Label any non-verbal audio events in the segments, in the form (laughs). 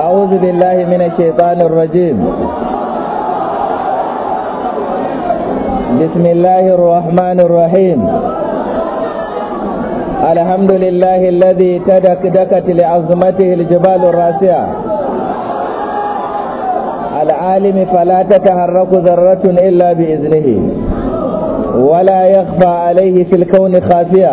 أعوذ بالله من الشيطان الرجيم بسم الله الرحمن الرحيم الحمد لله الذي تدك دكت لعظمته الجبال الراسعة العالم فلا تتحرك ذرة إلا بإذنه ولا يخفى عليه في الكون خافية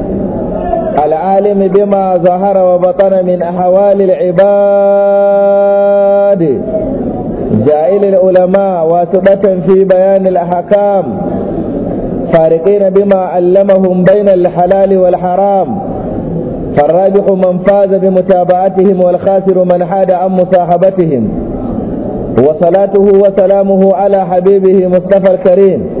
العالم بما ظهر وبطن من أحوال العباد جائل العلماء واسبة في بيان الأحكام فارقين بما علمهم بين الحلال والحرام فالراجح من فاز بمتابعتهم والخاسر من حاد عن مصاحبتهم وصلاته وسلامه على حبيبه مصطفى الكريم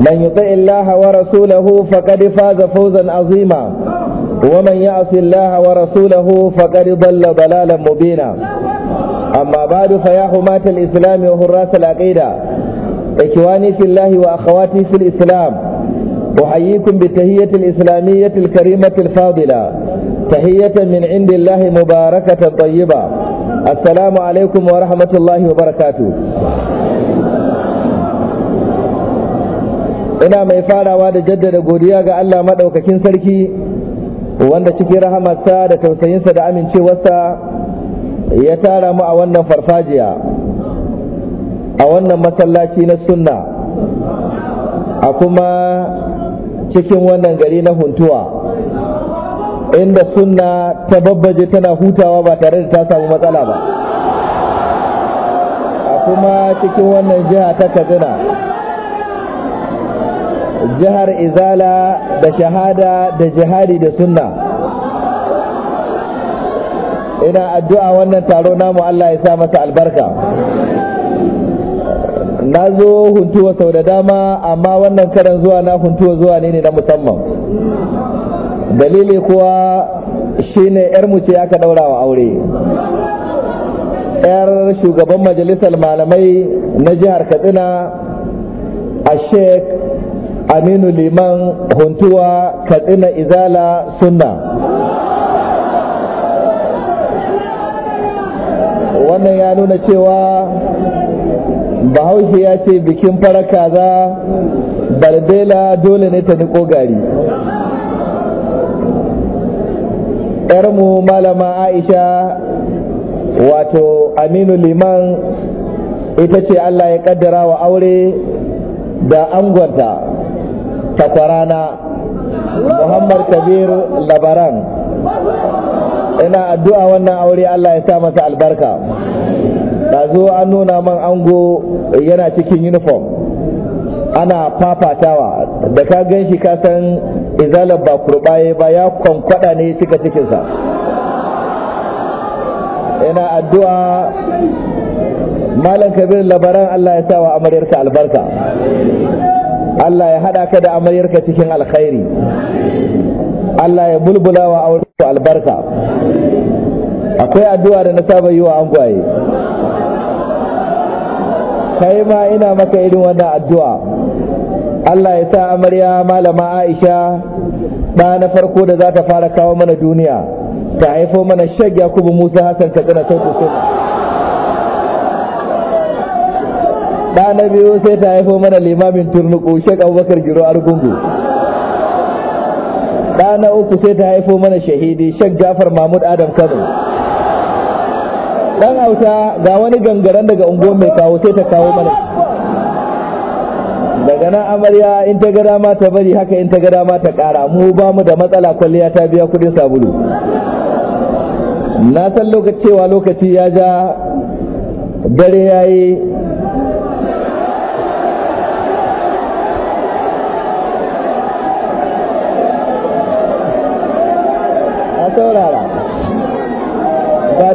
من يطع الله ورسوله فقد فاز فوزا عظيما ومن يعص الله ورسوله فقد ضل ضلالا مبينا أما بعد فيا حماة الإسلام وحراس العقيدة إخواني في الله وأخواتي في الإسلام أحييكم بالتهية الإسلامية الكريمة الفاضلة تحية من عند الله مباركة طيبة السلام عليكم ورحمة الله وبركاته ina mai farawa da jaddada godiya ga Allah maɗaukakin sarki wanda cikin rahamarsa da tausayinsa da amincewarsa ya tara mu a wannan farfajiya a wannan masallaci na sunna a kuma cikin wannan gari na huntuwa inda sunna ta babbaje tana hutawa ba tare da ta samu matsala ba a kuma cikin wannan jiha ta kaduna jihar izala da shahada da jihadi da sunna ina addu'a wannan taro namu Allah ya sa masa albarka na zo huntuwa sau da dama amma wannan karan zuwa na huntuwa zuwa ne ne na musamman dalili kuwa shine yar mu ce aka daura wa aure yar shugaban majalisar malamai na jihar katsina a sheik aminu liman huntuwa katsina izala sunna wannan ya nuna cewa bahaushe ya ce bikin fara kaza barbela dole ne ta niko gari yarmu malama aisha wato aminu liman ita ce allah ya kaddara wa aure da angonta takwarana muhammad kabiru labaran ina addu'a wannan aure allah ya sa masa albarka Da zo an nuna man ango yana cikin uniform ana fafatawa da ka gan shi kasan izalar ba kurbaye ba ya kwankwada ne cika cikinsa ina addu'a malam kabir labaran allah ya sa wa amaryarka albarka Allah ya hada ka da amaryarka cikin alkhairi Allah ya bulbula wa auratu albarka akwai addu'a da na saba yi wa angwaye kai ma ina maka irin wannan addu'a Allah ya sa amarya malama Aisha ɗa na farko da za ta fara kawo mana duniya ta haifo mana shag Yakubu Musa Hassan Katsina sautu sunna ɗa na biyu sai ta haifo mana limamin turnuku shek abubakar giro argungu ɗa na uku sai ta haifo mana shahidi shek jafar mahmud adam kano ɗan hausa ga wani gangaren daga unguwar mai kawo sai ta kawo mana daga nan amarya in ta gada ma ta bari haka in ta gada ma ta kara mu ba mu da matsala kwalliya ta biya kudin sabulu na san lokacewa lokaci ya ja dare ya yi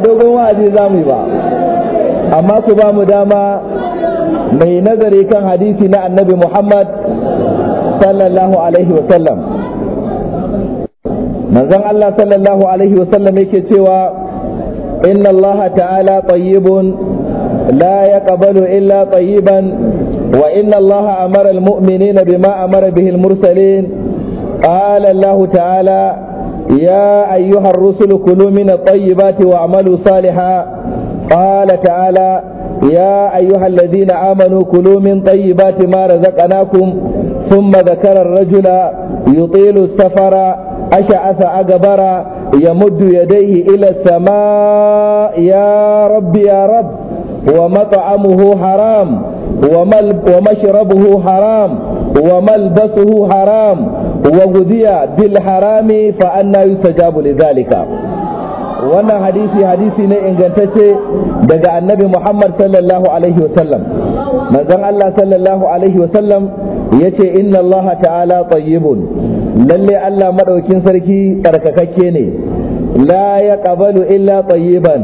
ba dogon wa'azi za mu yi ba amma ku ba mu dama mai nazari kan hadisi na annabi muhammad sallallahu alaihi wasallam manzon allah sallallahu alaihi wasallam yake cewa inna allaha ta'ala tayyibun la ya yaqbalu illa tayyiban wa inna allaha amara al-mu'minina bima amara bihi al-mursalin qala allah ta'ala يا أيها الرسل كلوا من الطيبات واعملوا صالحا قال تعالى يا أيها الذين آمنوا كلوا من طيبات ما رزقناكم ثم ذكر الرجل يطيل السفر أشعث أقبر يمد يديه إلى السماء يا رب يا رب ومطعمه حرام ومشربه حرام وملبسه حرام وغذي بالحرام فأنا يستجاب zalika. wannan hadisi hadisi ne ingantacce daga annabi Muhammad sallallahu alaihi wasallam manzon Allah sallallahu alaihi wasallam ce, inna Allah ta'ala tayyibun lalle Allah madaukin sarki tsarkakakke ne la yaqbalu illa tayyiban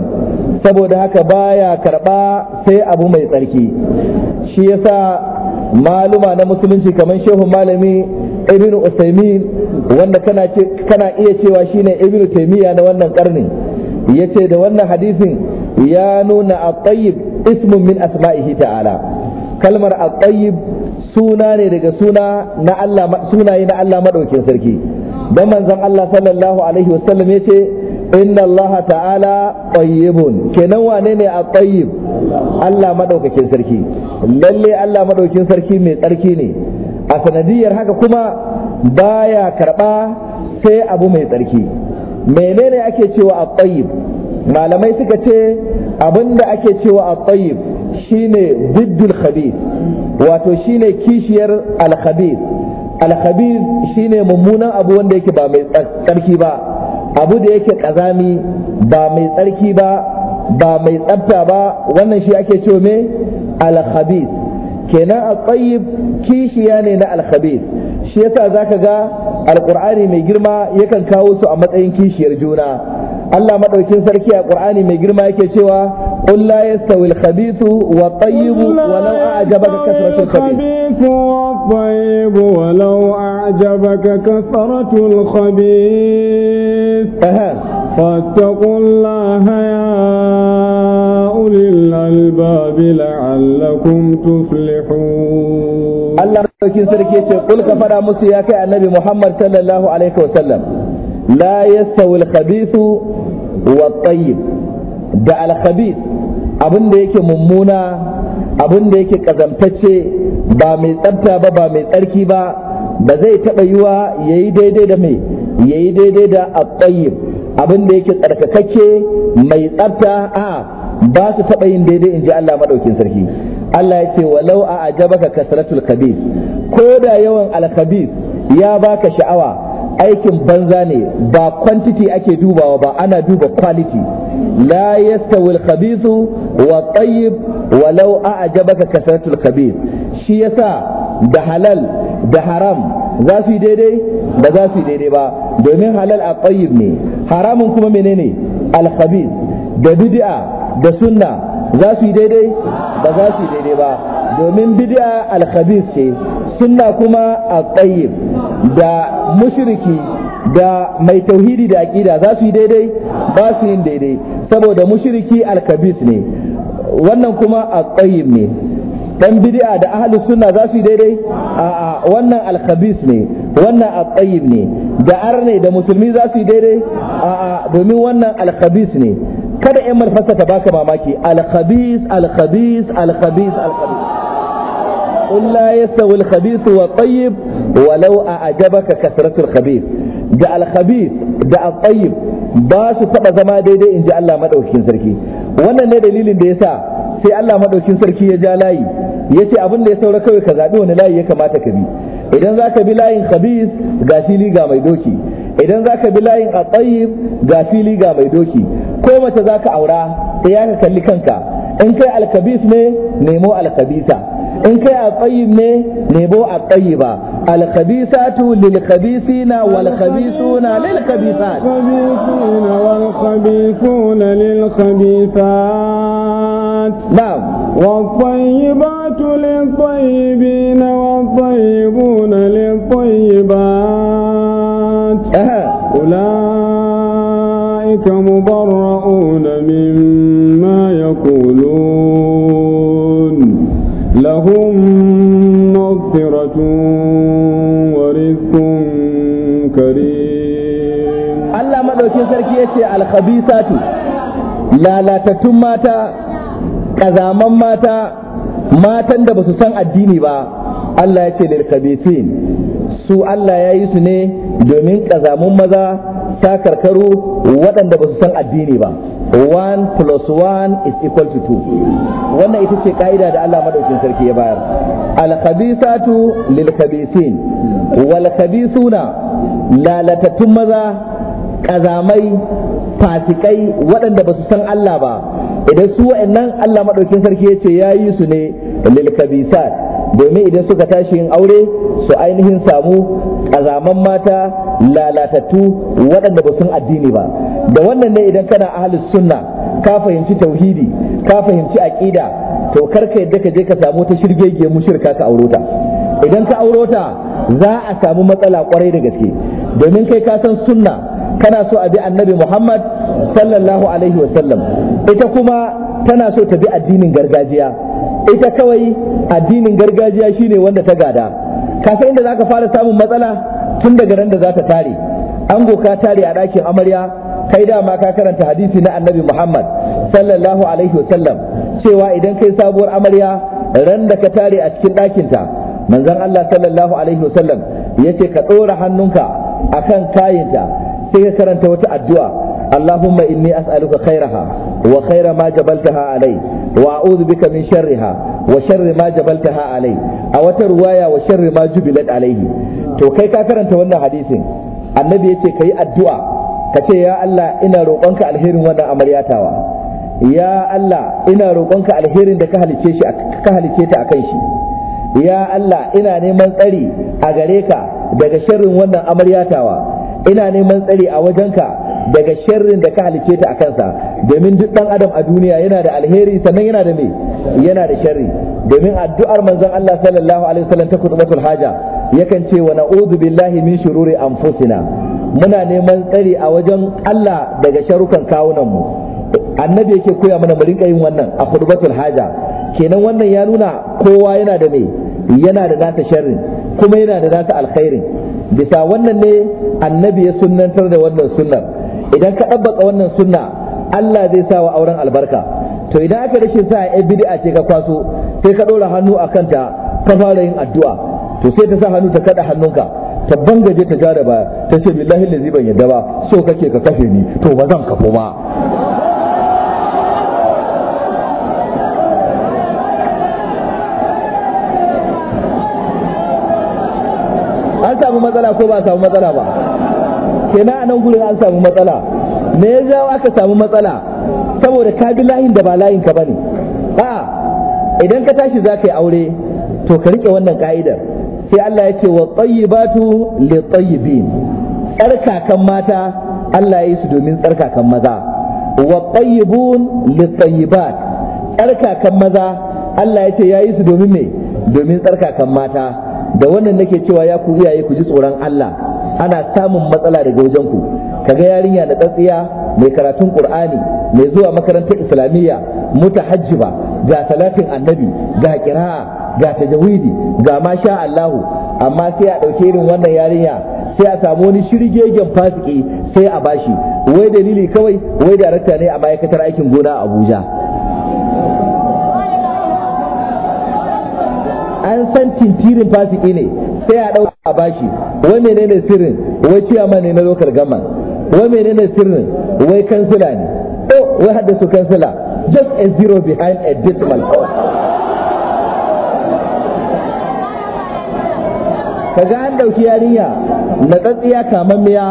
saboda haka baya karba sai abu mai tsarki shi yasa maluma na musulunci kamar shehu malami ibn Usaymin wanda kana ce kana iya cewa shine ibn taymiya na wannan karni yace da wannan hadisin ya nuna at-tayyib ismun min asma'ihi ta'ala kalmar at-tayyib suna ne daga suna na Allah sunaye na Allah madaukin sarki dan manzon Allah sallallahu alaihi wasallam yace inna Allah ta'ala tayyibun kenan wane ne at tayyib Allah madaukakin sarki lalle Allah madaukin sarki mai tsarki ne a sanadiyar haka kuma baya karɓa sai abu mai tsarki menene ake cewa a tsayib malamai suka ce abinda ake cewa a tsayib shine ziddul khabith wato shine kishiyar al-khabi. al khabith shine mummunan abu wanda yake ba mai tsarki ba abu da yake kazami ba mai tsarki ba ba mai tsafta ba wannan shi ake cewa me al-khabith كناء الطيب كيش يعني ناء الخبيث شيئتا ذاك القرآن مي قرما يكن كاوس أمت أين كيش يرجونا الله مدعو كنسر كي القرآن مي قرما يكشوا قل لا يستوي الخبيث والطيب ولو أعجبك كثرة الخبيث والطيب ولو أعجبك كثرة الخبيث فاتقوا الله يا أولي الألباب لعلكم تفلحون الله ركين سركي قل كفر مسياك النبي محمد صلى الله عليه وسلم لا يستوي الخبيث والطيب da alkhabith abin da yake mummuna abin da yake kazamtacce ba mai tsabta ba ba mai tsarki ba ba zai taɓa yiwa ya yi daidai da mai ya yi daidai da attayyib abin da yake tsarkakakke mai tsabta. a ba su taɓa yin daidai in ji Allah maɗaukin sarki Allah ya ce walau a ajabaka kasratul kabis ko da yawan alkabis ya baka sha'awa aikin banza ne ba quantity ake dubawa ba ana duba quality la yastawi al-khabithu wa tayyib walau a'jabaka kasratul khabith shi yasa da halal da haram za su yi daidai ba za su yi daidai ba domin halal a tayyib ne haramun kuma menene al-khabith da bid'a da sunna za su yi daidai ba za su yi daidai ba domin bid'a alkhabis ce sunna kuma a tsayyib da mushriki da mai tauhidi da aqida za su yi daidai ba su yi daidai saboda mushriki alkabis ne wannan kuma a tsayyib ne dan bid'a da ahlus sunna za su yi daidai a wannan alkhabis ne wannan a ne da arne da musulmi za su yi daidai a domin wannan alkhabis ne kada yan manufarsa ta baka mamaki al-khabis al-khabis al-khabis al-khabis قل لا ajabaka الخبيث والطيب ولو أعجبك كثرة الخبيث جاء الخبيث جاء الطيب باش تبقى زما ديدي إن جاء الله مدعوكين da yasa sai Allah madaukin sarki ya ja layi ya ce abin da ya saura kawai ka zaɓi wani layi ya kamata ka bi idan za ka bi layin khabis ga fili ga mai doki idan za ka bi layin a tsayin ga fili ga mai doki ko mace za ka aura sai ya ka kalli kanka in kai alkabis ne nemo alkabisa in kai a tsayin ne nemo a tsayi ba alkabisatu lilkabisina walkabisuna lilkabisat alkabisuna walkabisuna lilkabisat na'am والطيبات للطيبين والطيبون للطيبات أولئك مبرؤون مما يقولون لهم مغفرة ورزق كريم الله ما دوكين سركي الخبيثات لا لا تتماتا كذا ماتا matan da ba su san addini ba Allah ya ce lil khabithin su Allah ya yi su ne domin ƙazamun maza ta karkaru waɗanda ba su san addini ba one plus one is equal to two wannan ita ce ƙa'ida da Allah maɗaukin sarki ya bayar sin. Walkabi suna lalatattun maza ƙazamai fasikai waɗanda ba su san Allah ba idan su wa'annan Allah maɗaukin sarki ya ce ya yi su ne sat. domin idan suka tashi yin aure su ainihin samu kazaman mata lalatattu waɗanda ba sun addini ba da wannan ne idan kana ahalus sunna ka fahimci tauhidi ka fahimci aƙida to karka yadda ka je ka samu ta shirgege mushirka ka auro idan ka auro ta za a samu matsala kwarai da gaske domin kai ka san sunna kana so a bi annabi Muhammad sallallahu alaihi wasallam ita kuma tana so ta bi addinin gargajiya ita kawai addinin gargajiya shine wanda ta gada ka san inda zaka fara samun matsala tun daga ran da za tare ango ka tare a ɗakin amarya kai dama ka karanta hadisi na annabi muhammad sallallahu alaihi wasallam cewa idan kai sabuwar amarya ran da ka tare a cikin ɗakinta manzon allah sallallahu alaihi wasallam ya ce ka ɗora hannunka akan kayinta sai ka karanta wata addu'a allahumma inni as'aluka khairaha wa khaira ma jabaltaha alai wa a'udhu bika min sharriha wa sharri ma jabaltaha alai a wata ruwaya wa sharri ma jubilat alaihi to kai ka karanta wannan hadisin annabi yace kai addu'a ka ce ya Allah ina roƙonka alherin wannan amaryatawa ya Allah ina roƙonka alherin da ka halice shi ka halice ta akan shi ya Allah ina neman tsari a gare ka daga sharrin wannan amaryatawa ina neman tsari a wajenka daga sharrin da ka halice ta a kansa domin duk dan adam a duniya yana da alheri sannan yana da me yana da sharri domin addu'ar manzon Allah sallallahu alaihi wasallam ta kutubatul haja yakan ce wa na'udhu billahi min shururi anfusina muna neman tsari a wajen Allah daga sharukan kawunan mu annabi yake koya mana mu rinka yin wannan a kutubatul haja kenan wannan ya nuna kowa yana da me yana da nata sharrin kuma yana da nata alkhairin bisa wannan ne annabi ya sunnantar da wannan sunnar idan ka ɗabbaka wannan sunna Allah zai sa wa auren albarka to idan aka rashin sa a bid'a ce ka kwaso sai ka ɗora hannu a kanta ka fara yin addu'a to sai ta sa hannu ta kaɗa hannunka ta bangaje ta ja ba ta ce billahi lazi ban yadda ba so kake ka kashe ni to ba zan kafo ma an samu matsala ko ba samu matsala ba kenan anan nan gurin an samu matsala me ya jawo aka samu matsala saboda ka bi layin da ba layin ka bane a idan ka tashi za ka yi aure to ka rike wannan ka'idar sai Allah ya ce wa tayyibatu li tayyibin tsarkakan mata Allah ya yi su domin tsarkakan maza wa tayyibun li tayyibat tsarkakan maza Allah ya ce ya yi su domin me domin tsarkakan mata da wannan nake cewa ya ku iyaye ku ji tsoron Allah ana samun matsala daga wajen ku kaga yarinya na tsatsiya mai karatun qur'ani mai zuwa makarantar islamiyya mutahajjiba ga salatin annabi ga qira'a ga tajawidi ga masha Allah amma sai a dauke irin wannan yarinya sai a samu wani shirgegen fasiki sai a bashi wai dalili kawai wai darakta ne a ma'aikatar aikin gona a Abuja an san tintirin fasiki ne sai a ɗauka a bashi wai menene sirrin wai ciyaman ne na lokar gama wai menene sirrin wai kansila ne Ko oh, wai hadda su kansila just a zero behind a decimal ga an ɗauki yarinya na tsatsiya kamammiya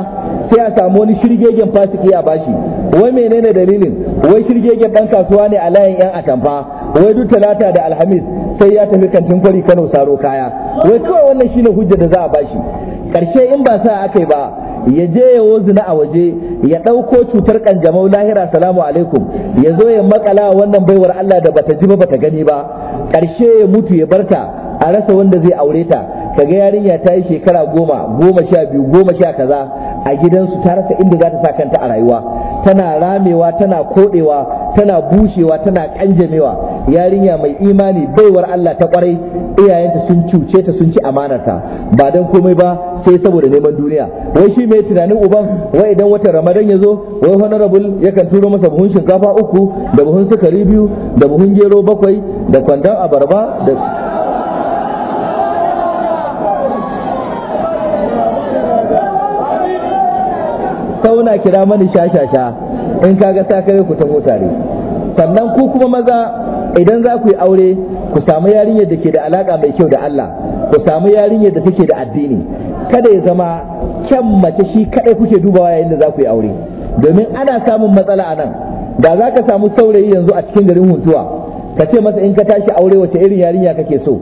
sai a samu wani shirgegen fasiki a bashi wai menene dalilin wai shirgegen ɗan kasuwa ne a layin yan atamfa wai duk talata da alhamis sai ya tafi kantin kwari Kano saro kaya wai kawai wannan shine hujja da za a bashi karshe in ba sa aka yi ba ya je ya wozina a waje ya ɗauko cutar kanjamau lahira salamu alaikum ya zo ya makala wannan baiwar Allah da bata ji ba bata gani ba karshe ya mutu ya barta a rasa wanda zai aure ta kaga yarinya ta yi shekara goma goma sha biyu goma sha kaza a gidansu ta rasa inda za ta sa kanta a rayuwa tana ramewa tana kodewa tana bushewa tana kanjamewa yarinya mai imani baiwar Allah ta kwarai iyayenta sun cuce ta sun ci amanarta ba dan komai ba sai saboda neman duniya wai shi mai tunanin uban wai idan watan ramadan ya zo wai honorable yakan turo masa buhun shinkafa uku da buhun sukari biyu da buhun gero bakwai da kwandon abarba da muna kira mani shashasha in kaga ta kai ku ta motare sannan ku kuma maza idan za ku yi aure ku samu yarinyar da ke da alaka mai kyau da Allah ku samu yarinyar da take da addini kada ya zama kyan mace shi kadai kuke dubawa yayin da za ku yi aure domin ana samun matsala a nan da za ka samu saurayi yanzu a cikin garin huntuwa ka ce masa in ka tashi aure wace irin yarinya kake so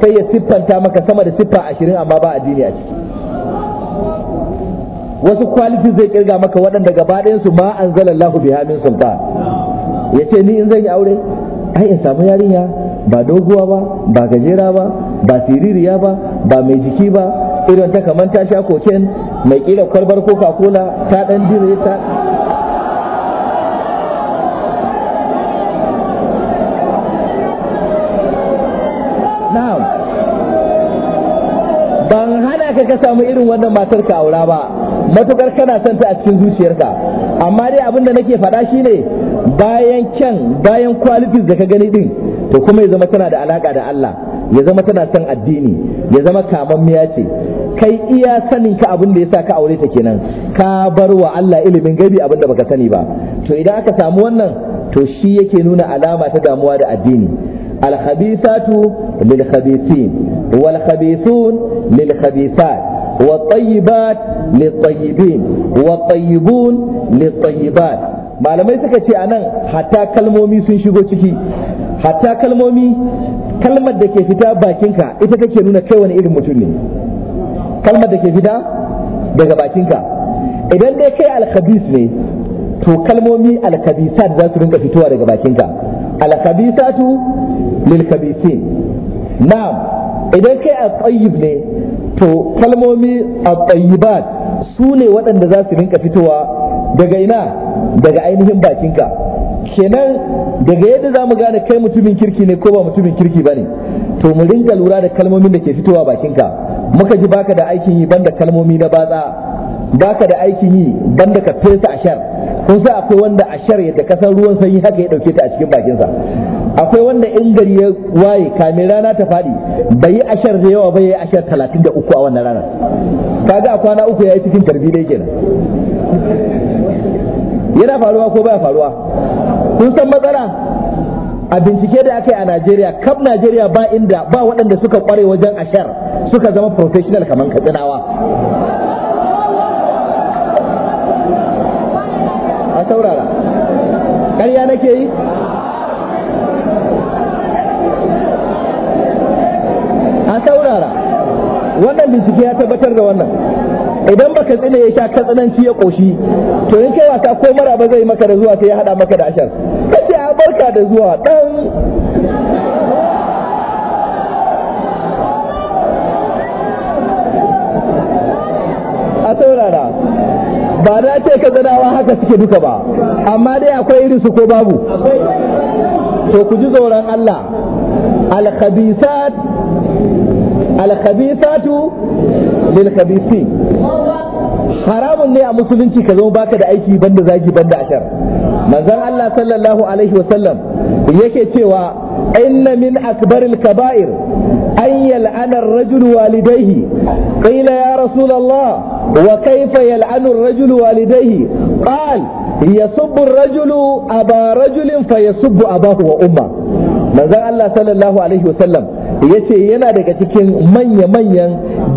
sai ya siffanta maka sama da siffa ashirin amma ba addini a ciki wasu kwaliti zai kirga maka waɗanda gaba ɗayan su ma anzalallahu biha min sultan yace ni in zan yi aure ai in samu yarinya ba doguwa ba ba gajera ba ba siririya ba ba mai jiki ba irin ta kamar ta sha koken mai kila kwalbar coca cola ta dan dire ta ban hana ka ka samu irin wannan matar ka aura ba matukar kana son ta a cikin zuciyarka amma dai abin da nake faɗa ne bayan kyan bayan qualities da ka gani din to kuma ya zama tana da alaka da Allah ya zama tana son addini ya zama kamammiya ce kai iya sanin ka abin da ya sa ka aure ta kenan ka bar wa Allah ilimin gaibi abin da baka sani ba to idan aka samu wannan to shi yake nuna alama ta damuwa da addini al-khabithatu lil-khabithin wal-khabithun lil-khabithat وطيبات للطيبين وطيبون للطيبات malamai suka ce a nan hatta kalmomi sun shigo ciki hatta kalmomi kalmar da ke fita bakinka ita take nuna kai wani irin mutum ne kalmar da ke fita daga bakinka idan dai kai alkhabis ne to kalmomi alkhabisat za su rinka fitowa daga bakinka alkhabisatu lilkhabisin na'am idan kai a ne to kalmomi a tsayibat su ne waɗanda za su rinka fitowa daga ina daga ainihin bakinka kenan daga yadda za mu gane kai mutumin kirki ne ko ba mutumin kirki ba ne to mu rinka lura da kalmomin da ke fitowa bakinka muka ji baka da aikin yi banda kalmomi na batsa baka da aikin yi banda ka fesa ashar kun sa akwai wanda ashar yadda kasan ruwan sanyi haka ya dauke ta a cikin bakinsa akwai wanda in gari ya waye kamin rana ta faɗi bai yi ashar da yawa bai yi ashar talatin a wannan ranar kaga a kwana uku ya yi cikin karbi dai kenan yana faruwa ko baya faruwa kun san matsala a bincike da aka yi a Najeriya kam Najeriya ba inda ba waɗanda suka kware wajen ashar suka zama professional kamar katsinawa saurara ƙarya nake yi a saurara wannan bincike ya tabbatar da wannan idan baka tsine ya sha katsananci ya ƙoshi, to in kai wasa ko mara ba zai maka da zuwa sai ya hada maka da ashar kace a barka da zuwa dan ba na ce ka zanawa haka suke duka ba amma dai akwai irin su ko babu to ku ji tsoron Allah lil haramun ne a musulunci ka zama baka da aiki banda zagi banda ashar manzon Allah sallallahu alaihi wasallam yake cewa inna min akbaril kaba'ir an يلعن الرجل والديه قيل يا رسول الله وكيف يلعن الرجل والديه قال يسب الرجل أبا رجل فيسب أباه وأمه manzon Allah sallallahu alaihi wasallam ya yace yana daga cikin manya-manyan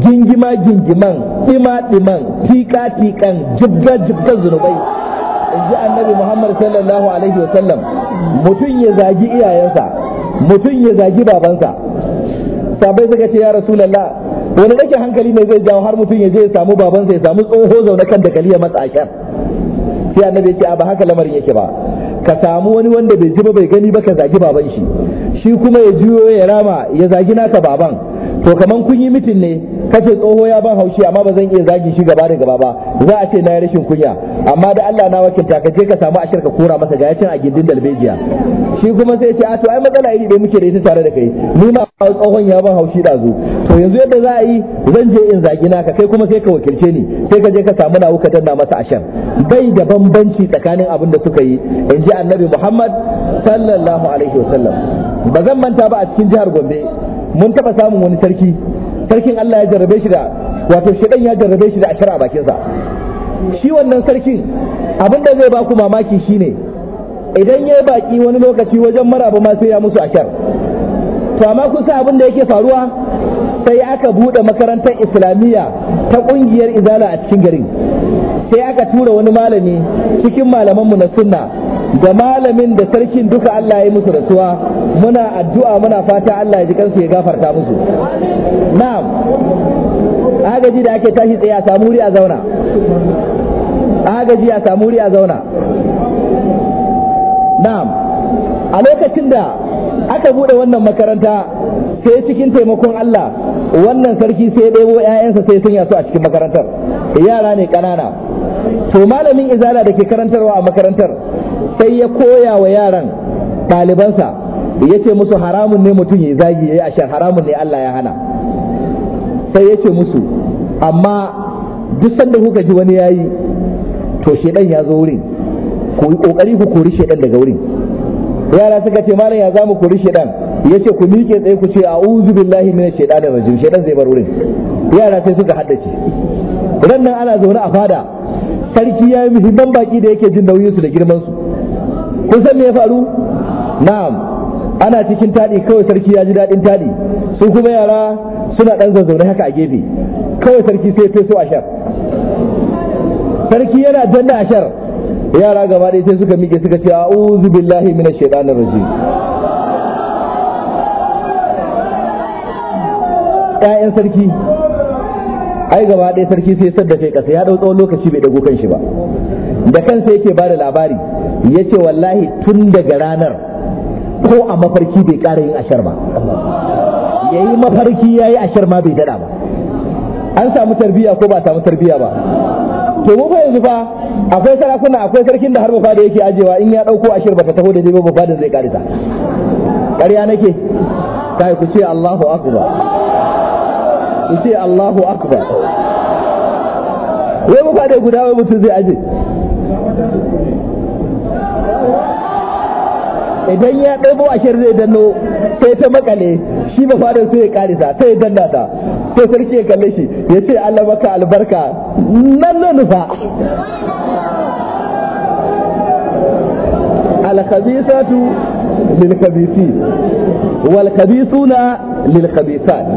gingima-gingiman ɗima-ɗiman tika-tikan jibga-jibga zunubai ji annabi Muhammad sallallahu alaihi wasallam mutum ya zagi iyayensa mutum ya zagi babansa sabai suka ce ya rasulallah wani yake hankali ne zai jawo har mutum ya je ya samu babansa ya samu tsoho zaune kan da ya matsa kyan sai annabi ya ce ba haka lamarin yake ba ka samu wani wanda bai ji ba bai gani ba ka zagi baban shi shi kuma ya juyo ya rama ya zagi naka baban to kaman kun yi mitin ne kace tsoho ya ban haushi amma ba zan iya zagi shi gaba da gaba ba za a ce na yi rashin kunya amma da Allah na wakilta ka je ka samu a shirka kora masa ga yacin a gindin dalbejiya shi kuma sai ce a to ai matsala iri dai muke da ita tare da kai ni ma tsohon ya ban haushi da zu to yanzu yadda za a yi zan je in zagi ka kai kuma sai ka wakilce ni sai ka je ka samu nawu ka danna masa ashar bai da bambanci tsakanin abin da suka yi in ji annabi Muhammad sallallahu alaihi wasallam ba zan manta ba a cikin jihar Gombe mun taɓa samun wani sarki sarkin Allah ya jarrabe shi da wato shedan ya jarrabe shi da ashara a bakinsa shi wannan sarkin abin da zai baku mamaki shine idan ya baki wani lokaci wajen maraba ma sai ya musu ashar to amma kun san abin da yake faruwa sai aka buɗe makarantar islamiyya ta ƙungiyar izala a cikin garin sai aka tura wani malami cikin malamanmu na sunna da malamin da sarkin duka Allah ya musu rasuwa muna addu'a muna fata Allah ya ji kansu ya gafarta musu na'am agaji da ake tashi tsaye a samu a zauna agaji a samu a zauna na'am a lokacin da aka bude wannan makaranta sai cikin taimakon Allah wannan sarki sai ɗebo 'ya'yansa sai sun yasu a cikin makarantar yara ne ƙanana to malamin izala da ke karantarwa a makarantar sai ya koya wa yaran ɗalibansa ya ce musu haramun ne mutum ya zagi ya yi shan haramun ne Allah ya hana sai ya ce musu amma duk sanda kuka ji wani yayi to shedan ya zo wurin ku yi kokari ku kori shedan daga wurin yara suka ce malam ya zamu kori shedan ce ku miƙe tsaye ku ce a'udhu billahi minash shaitanir rajim shedan zai bar wurin yara sai suka haddace ran nan ana zaune a fada sarki ya yi muhimman baki da yake jin dauyinsu da girmansu. kun san me ya faru na'am ana cikin taɗi kawai sarki ya ji daɗin taɗi su kuma yara suna ɗan zazzaune haka a gefe kawai sarki sai feso shar sarki yana danna ashar yara gaba ɗaya sai suka miƙe suka ce a'udhu billahi minash shaitanir rajim ƴaƴan sarki ai gaba ɗaya sarki sai sadda kai ƙasa ya ɗau tsawon lokaci bai dago kan shi ba da kansa yake ba da labari ya ce wallahi tun daga ranar ko a mafarki bai ƙara yin ashar ba ya yi mafarki ya yi ashar ma bai daɗa ba an samu tarbiyya ko ba samu tarbiyya ba to mu fa yanzu fa akwai sarakuna akwai sarkin da har ba da yake ajewa in ya ɗauko ashir baka taho da zai ba ba da zai ƙarita ƙarya nake kai ku ce Allahu akbar ku ce Allahu akbar wai mu fa da guda wai mutum zai aje idan ya ɗaibo ashirin zai danno sai ta makale shi ba fadar sai ya ta sai ya danna ta sai sarki ya kalle shi ya ce Allah maka albarka nan na nufa الخبيثات للخبيثين والخبيثون للخبيثات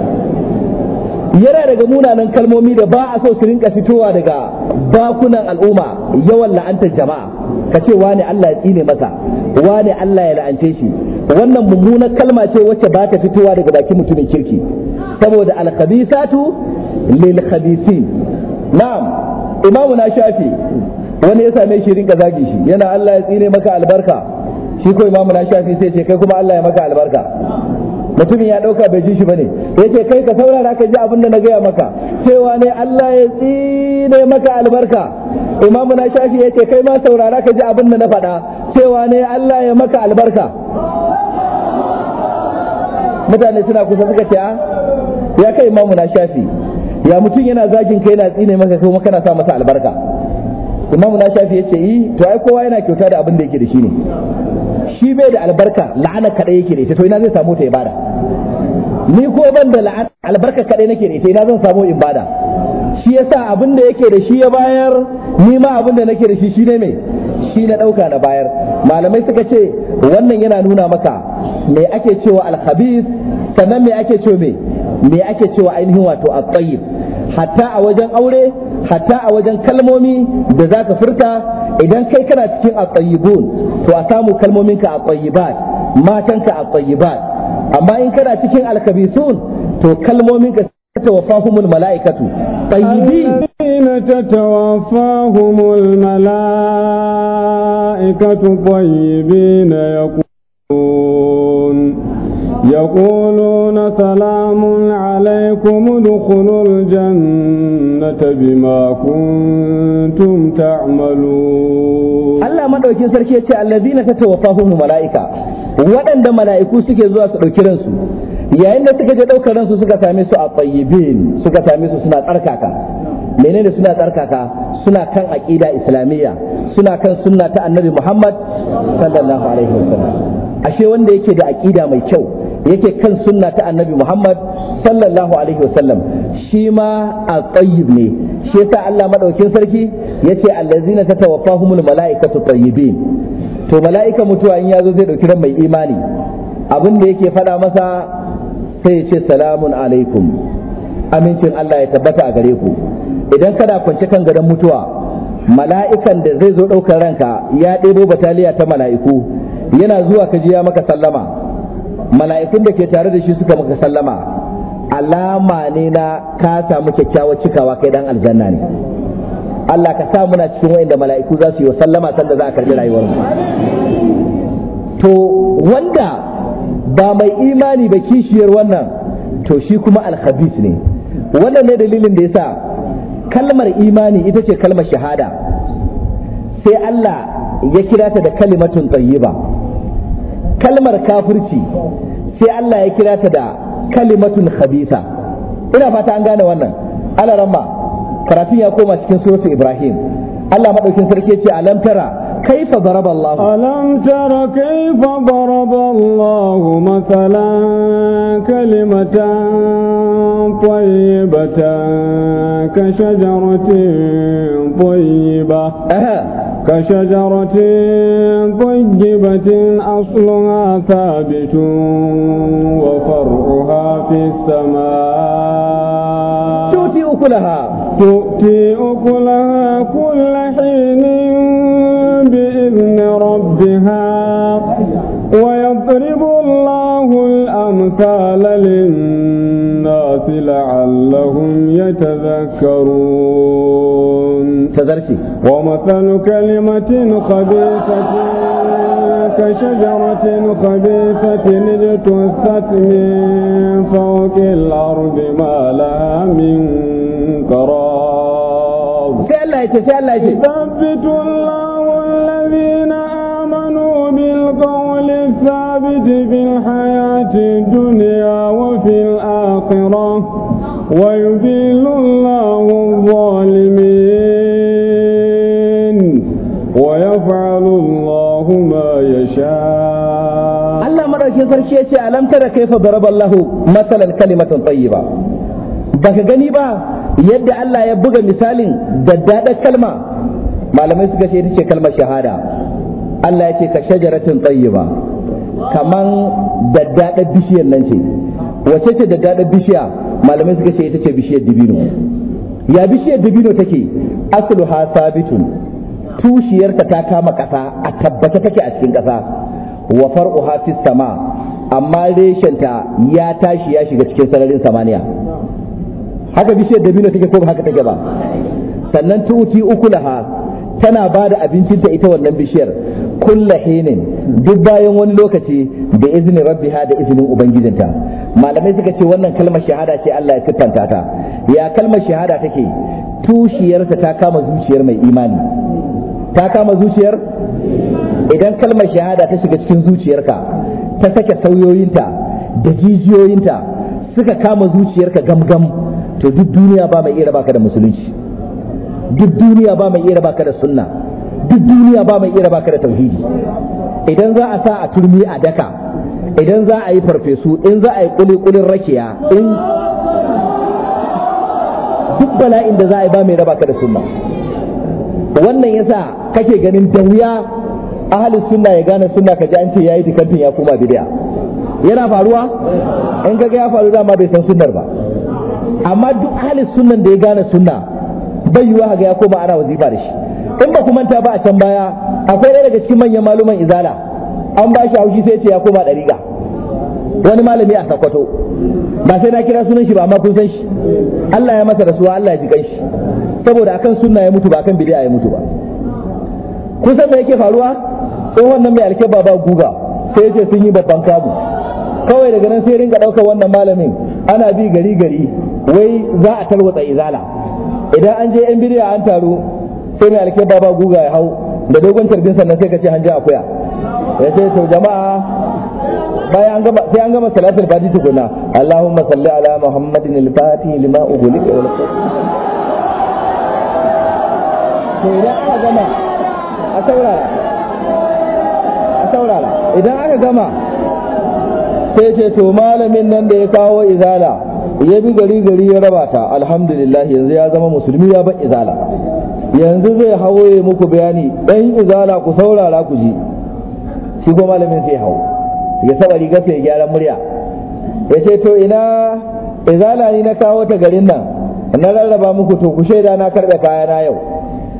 yana daga munanan kalmomi da ba a so su rinka fitowa daga bakunan al'umma yawan la'antar jama'a ka ce wane Allah ya tsine masa wane Allah ya la'ance shi wannan mummunar kalma ce wacce ba ta fitowa daga bakin mutumin kirki saboda al-khabisatu lil khabisin na'am imamu na shafi wani ya same shi rinka zagi shi yana Allah ya tsine maka albarka shi ko imamu na shafi sai ce kai kuma Allah ya maka albarka mutumin ya dauka bai ji shi bane yace kai ka saurara ka ji abin da na gaya maka cewa ne Allah ya tsine maka albarka imamu na shafi yace kai ma saurara ka ji abin da na faɗa cewa ne Allah ya maka albarka mutane suna kusa suka ce ah, ya kai imamu na shafi ya mutum yana zagin kai yana tsine maka kuma kana sa masa albarka imamu na shafi yace yi eh, to ai kowa yana kyauta da abin da yake da shi ne shi bai da albarka la'ana kaɗai yake da ita to ina zai samu ta ibada ni ko ban da albarka kadai nake da ita ina zan samu in bada shi yasa abin da yake da shi ya bayar ni ma abin da nake da shi shine mai shi na dauka na bayar malamai suka ce wannan yana nuna maka me ake cewa alhabis sannan me ake cewa me me ake cewa ainihin wato at-tayyib hatta a wajen aure hatta a wajen kalmomi da za ka furta idan kai kana cikin at-tayyibun to a samu kalmominka at-tayyibat matanka at-tayyibat amma in kana cikin alkabisun to kalmomin ka تتوفاهم الملائكة طيبين الذين تتوفاهم الملائكة طيبين يقولون سلام عليكم دخلوا الجنة بما كنتم تعملون الله ما دوكي سركي يتي الذين تتوفاهم ملائكة ودن ده ملائكو سكي زوا سركي رنسو yayin da suka je daukar ransu suka same su a tsayibin suka same su suna tsarkaka menene suna tsarkaka suna kan aqida islamiyya suna kan sunna ta annabi Muhammad sallallahu alaihi wasallam ashe wanda yake da aqida mai kyau yake kan sunna ta annabi Muhammad sallallahu alaihi wasallam shi ma a tayyib ne shi yasa Allah madaukin sarki yace allazina tatawaffahumul malaikatu tayyibin to mala'ika mutuwa in yazo zai dauki ran mai imani abin da yake faɗa masa sai ya ce salamun alaikum amincin Allah ya tabbata a gare ku idan kana kwance kan gadon mutuwa mala'ikan da zai zo ɗaukar ranka ya ɗebo bataliya ta mala'iku yana zuwa ka jiya maka sallama mala'ikun da ke tare da shi suka maka sallama alama ne na ka samu kyakkyawar cikawa kai dan aljanna ne Allah ka sa muna cikin wanda mala'iku za su yi sallama sanda za a karbi rayuwar mu to wanda ba mai imani ba kishiyar wannan to shi kuma alhabis ne wannan ne dalilin da yasa kalmar imani ita ce kalmar shahada sai Allah ya kira ta da kalimatun tayyiba kalmar kafirci sai Allah ya kira ta da kalimatun khabisa ina fata an gane wannan ala ramma karatun ya koma cikin suratul ibrahim Allah madaukin sarki ce alam tara "Kaifa ضرب الله ألم تر كيف ضرب الله مثلا كلمة طيبة كشجرة طيبة كشجرة طيبة أصلها ثابت وفرعها في السماء تؤتي أكلها تؤتي أكلها كل حين بإذن ربها ويضرب الله الأمثال للناس لعلهم يتذكرون تذرتي ومثل كلمة خبيثة كشجرة خبيثة اجتثت من فوق الأرض ما لها من قرار يثبت الله الذين آمنوا بالقول الثابت في الحياة الدنيا وفي الآخرة ويذل الله madaukakin sarki ya ce alam tara kaifa daraballahu masalan kalimatan tayyiba baka gani ba yadda Allah ya buga misalin daddada kalma malamai suka ce ita ce kalmar shahada Allah ya ce ka shajaratin tayyiba kaman daddada bishiyar nan ce wace ce daddada bishiya malamai suka ce ita ce bishiyar dibino ya bishiyar dibino take asluha sabitun tushiyarta ta kama kasa a tabbata take a cikin kasa wa far'uha fis sama amma reshenta ya tashi ya shiga cikin sararin samaniya haka bishiyar dabino take ko haka take ba sannan uku laha tana ba da ta ita wannan bishiyar kulla hinin duk bayan wani lokaci da izinin rabbiha da izinin ubangijinta malamai suka ce wannan kalmar shahada ce Allah ya kuntanta ta ya kalmar shahada take tushiyarsa ta kama zuciyar mai imani ta kama zuciyar idan kalmar shahada ta shiga cikin zuciyarka ta sake sauyoyinta da jijiyoyinta suka kama zuciyarka gamgam to duk duniya ba mai iya baka da musulunci duk duniya ba mai iya baka da sunna duk duniya ba mai iya baka da tauhidi idan za a sa a turmi a daka idan za a yi farfesu in za a yi kulikulin rakiya in duk bala'in da za a yi ba mai raba ka da sunna wannan yasa kake ganin da wuya ahalin suna ya gane sunna ka ji an ce yayi dikantin ya koma bid'a yana faruwa in ga ya faru dama bai san sunnar ba amma duk ahalin sunan da ya gane sunna bai yiwa ga ya koma ana wazifa da shi in ba ku manta ba a can baya akwai ɗaya daga cikin manyan maluman izala an ba shi haushi sai ce ya koma ɗariƙa wani malami a sakwato ba sai na kira sunan shi ba amma kun san shi Allah ya masa rasuwa Allah ya ji shi saboda akan sunna ya mutu ba akan bid'a ya mutu ba kun san me yake faruwa sai wannan mai alke ba guga sai ya ce sun yi babban kamu kawai daga nan sai ringa ɗaukar wannan malamin ana bi gari gari wai za a tarwatsa izala idan an je yan bidiya an taru sai mai alke ba guga ya hau da dogon tarbin sannan sai ka ce a akuya ya ce to jama'a bayan gama sai an gama salatul fati tukuna Allahumma salli ala Muhammadin al-Fatih lima ughliqa wal to idan aka gama a saurara saurara idan aka gama sai ce to malamin nan da ya kawo izala ya bi gari gari ya raba ta alhamdulillah yanzu ya zama musulmi ya bar izala yanzu zai hawo ya muku bayani dan izala ku saurara ku ji shi ko malamin sai hawo ya saba riga sai gyara murya ya ce to ina izala ni na kawo ta garin nan na rarraba muku to ku shaida na karbe kayana yau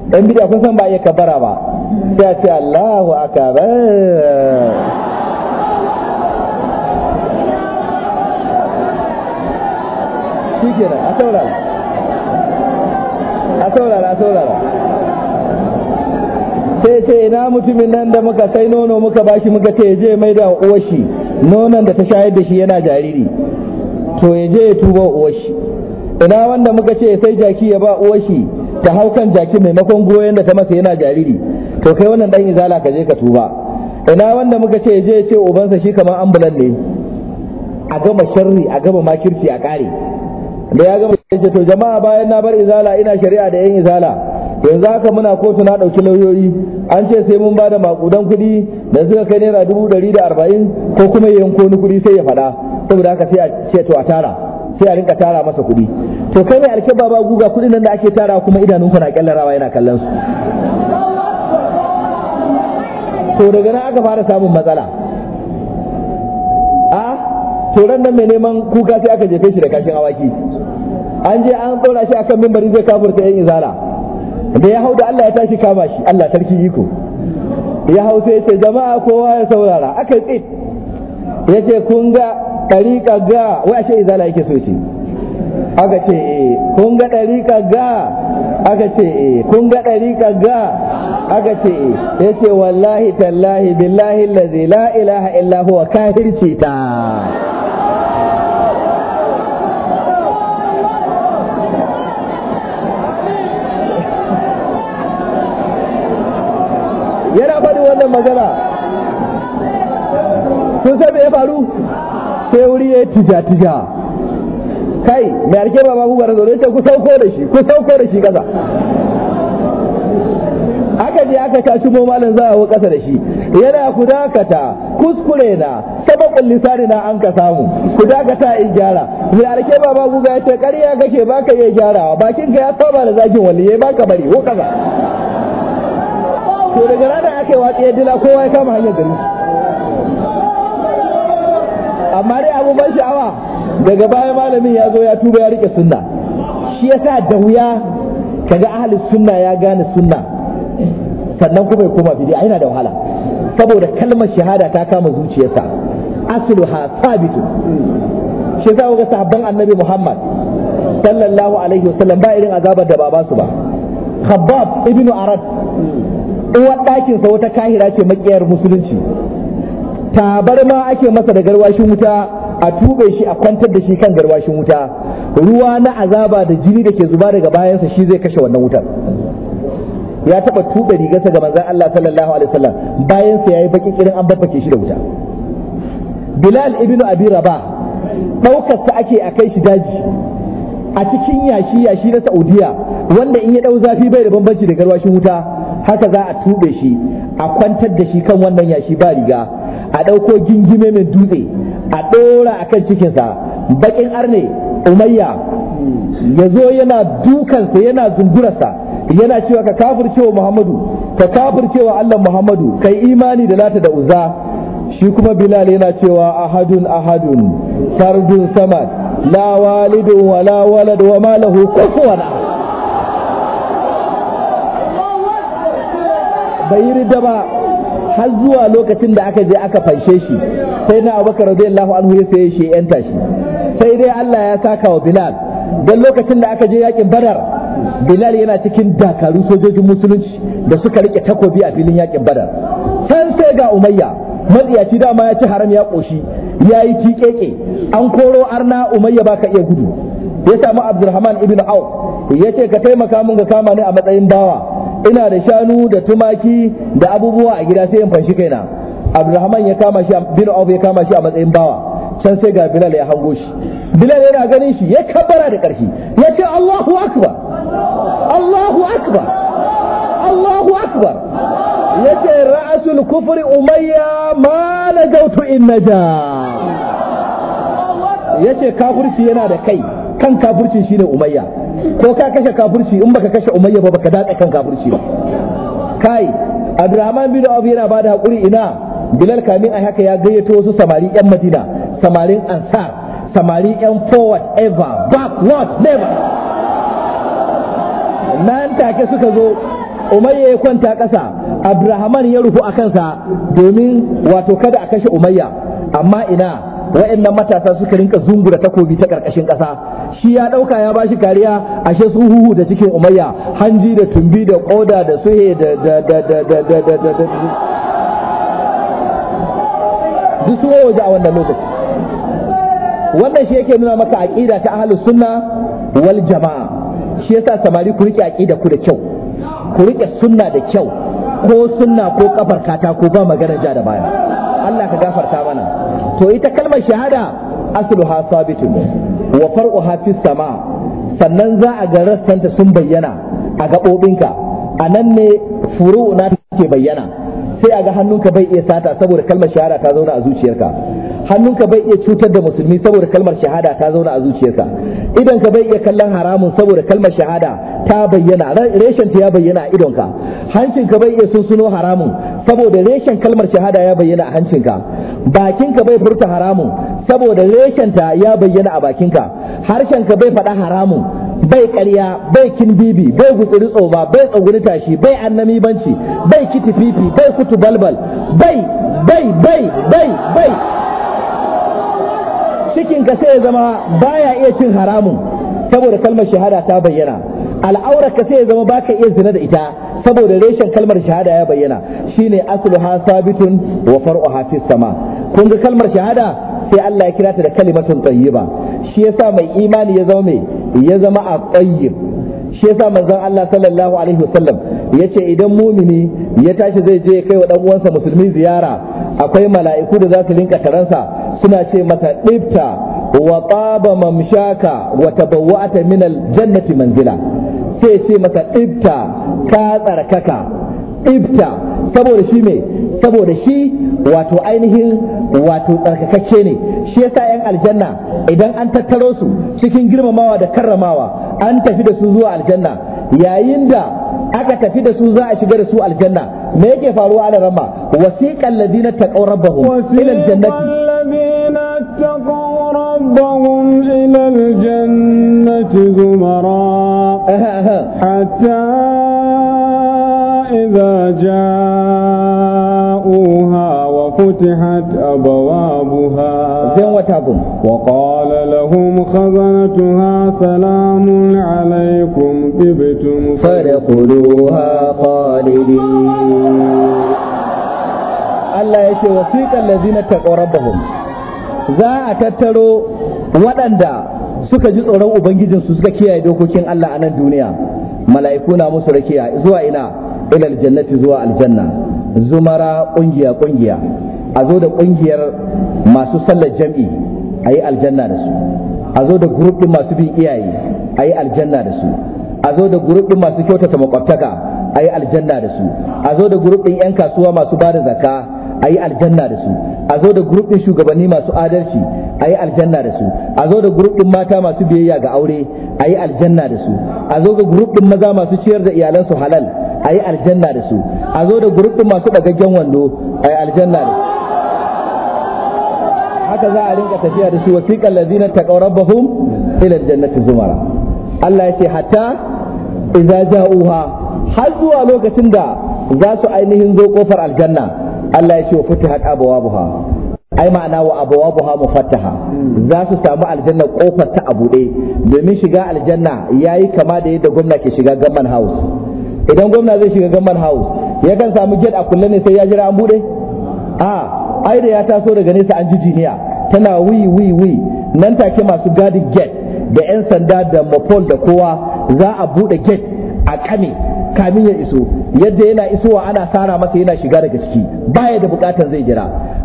ɗan bid'a kun san ba iya kabara ba sai ce Allahu sai ce ina mutumin nan da muka sai nono muka bashi muka ce je mai da uwashi nonon da ta shayar da shi yana jariri to ya je ya tuba uwashi ina wanda muka ce sai jaki ya ba uwashi ta hau kan jakin maimakon goyon da ta masa yana jariri to kai wannan dan izala ka je ka tuba ina wanda muka ce je ce ubansa shi kamar ambulan ne a gama sharri a gama makirci a kare da ya gama ce to jama'a bayan na bar izala ina shari'a da yan izala yanzu haka muna kotu na ɗauki lauyoyi an ce sai mun bada makudan kuɗi da suka kai naira dubu ɗari da arba'in ko kuma yanko ni kuɗi sai ya faɗa saboda haka sai a ce to a tara sai a rinka tara masa kuɗi to kai mai alkeba ba guga kudin nan da ake tara kuma idanunku na kyallarawa yana kallon su to daga nan aka fara samun matsala a to nan mai neman kuka sai aka je jefe shi da kashin awaki an je an tsora shi akan mimbari zai kafurta yan izala da ya hau da Allah ya tashi kama shi Allah sarki iko ya hau sai ce jama'a kowa ya saurara aka tsit ya ce kun ga ɗariƙa ga wai ashe izala yake so ce aka ce e kun ga ka ga aka ce e kun ga ka ga aka ce e ya ce wallahi tallahi billahi lazi la ilaha illa huwa ce ta yana faɗi wannan magana sun san me ya faru sai wuri ya tija tija kai mai alke ba babu gara zaune sai ku sauko da shi ku sauko da shi kasa aka je aka tashi mu malam za a wa kasa da shi yana ku dakata kuskure na sababin lisani na an ka samu ku dakata in gyara mai alke ba babu gara ta ƙarya kake baka iya gyarawa bakin ka ya saba da zakin ba baka bari ko kasa to daga ranar aka yi watsi ya dila kowa ya kama hanyar gari amma dai abubuwan sha'awa daga baya malamin ya zo ya tuba ya rike sunna shi yasa da wuya kaga ahli sunna ya gane sunna sannan kuma ya koma bid'a yana da wahala saboda kalmar shahada ta kama zuciyarsa asluha sabitu shi yasa ga sahabban annabi Muhammad sallallahu alaihi wasallam ba irin azabar da baba su ba Khabbab ibnu Arad uwar ɗakinsa wata kahira ce makiyar musulunci tabarma ake masa da garwashin wuta a tube shi a kwantar da shi kan garwashin wuta ruwa na azaba da jini da ke zuba daga bayansa shi zai kashe wannan wutar ya taba tube rigarsa ga manzon Allah sallallahu alaihi wasallam bayansa yayi baki kirin an babbake shi da wuta Bilal ibnu Abi Rabah daukar sa ake a kai shi daji a cikin yashi yashi na Saudiyya, wanda in ya dau zafi bai da bambanci da garwashin wuta haka za a tube shi a kwantar da shi kan wannan yashi ba riga a ɗauko gingime mai dutse a ɗora a kan cikinsa baƙin arne umayya ya zo yana dukansa yana zungurarsa yana cewa ka kafircewa muhammadu ka kafircewa allah muhammadu kai imani da lata da uza shi kuma bilal yana cewa ahadun ahadun fardun samad la walidun wa la walad wa ma lahu kufuwan bai yi ba har zuwa lokacin da aka je aka fanshe shi sai na abubakar radiyallahu anhu ya saya shi yanta shi sai dai Allah ya saka wa Bilal don lokacin da aka je yakin Badar Bilal yana cikin dakaru sojojin musulunci da suka rike takobi a filin yakin Badar can sai ga Umayya matsiyaci dama ya ci haram ya koshi ya yi tiƙeƙe an koro arna Umayya ba ka iya gudu ya samu Abdulrahman ibn Auf ya ce ka taimaka mun ga kama ni a matsayin bawa ina da shanu da tumaki da abubuwa a gida sai in fanshi kaina abdurrahman ya kama shi bin auf ya kama shi a matsayin bawa can sai ga bilal ya hango shi bilal yana ganin shi ya kabbara da ƙarfi ya ce allahu akbar allahu akbar allahu akbar ya ce ra'asul kufri umayya ma la gautu in naja ya ce kafirci yana da kai kan kafurci shine umayya ko ka kashe kafurci in baka kashe umayya ba baka dace kan kafurci ba kai abdurrahman bin abu yana bada hakuri ina bilal kamin ai haka ya gayyato wasu samari yan madina samarin ansar samari yan forward ever Back, what never nan take suka zo umayya ya kwanta ƙasa abdurrahman ya rufu a kansa domin wato kada a kashe umayya amma ina wa'annan matasa suka rinka zungura takobi ta karkashin ƙasa shi ya ɗauka ya bashi kariya ashe su huhu da cikin umayya hanji da tumbi da ƙoda da suhe da da da da da da da da da duk waje a wannan lokaci shi yake nuna maka aƙida ta ahlus sunna wal jama'a shi yasa samari ku rike aƙida ku da kyau ku riƙe sunna da kyau ko sunna ko kafar katako ba magana ja da baya Allah ka gafarta mana to ita kalmar shahada asluha sabitun wa far'uha fi sama sannan za a ga rassanta sun bayyana a gaɓoɓinka a nan ne furu na take bayyana sai a ga hannunka bai iya sata saboda kalmar shahada ta zauna a zuciyarka hannunka bai iya cutar da musulmi saboda kalmar shahada ta zauna a zuciyarka idan ka bai iya kallon haramun saboda kalmar shahada ta bayyana reshen ta ya bayyana a idonka ka bai iya sunsuno haramun saboda reshen kalmar shahada ya bayyana a hancin ka bakin ka bai furta haramun saboda reshen ta ya bayyana a bakin ka harshen ka bai faɗa haramun bai ƙarya bai kinbibi bai gutsiri tsoma bai tsaguri tashi bai annami banci bai kiti fifi bai kutu balbal bai bai bai bai bai cikin ka sai ya zama baya iya cin haramun saboda kalmar shahada ta bayyana al'aurar ka sai ya zama baka iya zina da ita saboda reshen kalmar shahada ya bayyana shine asluha sabitun wa far'uha fis sama kun ga kalmar shahada sai Allah ya kira ta da kalimatun tayyiba shi yasa mai imani ya zama mai ya zama a tayyib shi yasa manzon Allah sallallahu alaihi wasallam yace idan mumini ya tashi zai je kai wa dan uwansa musulmi ziyara akwai mala'iku da za su linka karansa suna ce masa dibta wa taba mamshaka wa tabawwa'ata min aljannati manzila sai ce masa ibta ka tsarkaka ibta saboda shi me saboda shi wato ainihin wato tsarkakakke ne shi yasa yan aljanna idan an tattaro su cikin girmamawa da karramawa an tafi da su zuwa aljanna yayin da aka tafi da su za a shiga da su aljanna me yake faruwa a rama wasiqal ladina taqaw rabbahum ila aljannati ربهم إلى الجنة زمرا (laughs) حتى إذا جاءوها وفتحت أبوابها وقال لهم خزنتها سلام عليكم طبتم فادخلوها خالدين الله يشهد وثيق الذين اتقوا ربهم za a tattaro waɗanda suka ji tsoron ubangijinsu suka kiyaye dokokin Allah a nan duniya mala'iku na musu rakiya zuwa ina ilal jannati zuwa aljanna zumara kungiya kungiya a zo da kungiyar masu sallar jam'i a yi aljanna da su a zo da gurubin masu bin iyaye a yi aljanna da su a zo da gurubin masu kyautata makwabtaka a yi aljanna da su a zo da gurubin 'yan kasuwa masu ba da zaka a yi aljanna da su a zo da gurbin shugabanni masu adalci a yi aljanna da su a zo da gurbin mata masu biyayya ga aure a yi aljanna da su a zo da gurbin maza masu ciyar da iyalansu halal a yi aljanna da su a zo da gurbin masu dagaggen wando a yi aljanna da su haka za a rinka tafiya da su wasiqal ladina taqaw rabbahum ila aljannati zumara Allah ya ce hatta idza ja'uha har zuwa lokacin da za su ainihin zo kofar aljanna Allah ya ce wa futihat abwabuha ai ma'ana wa abwabuha mufattaha za su samu aljanna kofar ta a buɗe domin shiga aljanna yayi kama da yadda gwamna ke shiga gamman house idan gwamna zai shiga gamman house ya kan samu gate a kulle ne sai ya jira an buɗe a ai da ya taso daga nesa an ji jiniya tana wi wi wi nan take masu gadi gate da 'yan sanda da mafol da kowa za a buɗe gate a kame kamin ya iso yadda yana isowa ana sara masa yana shiga daga ciki baya da bukatar zai jira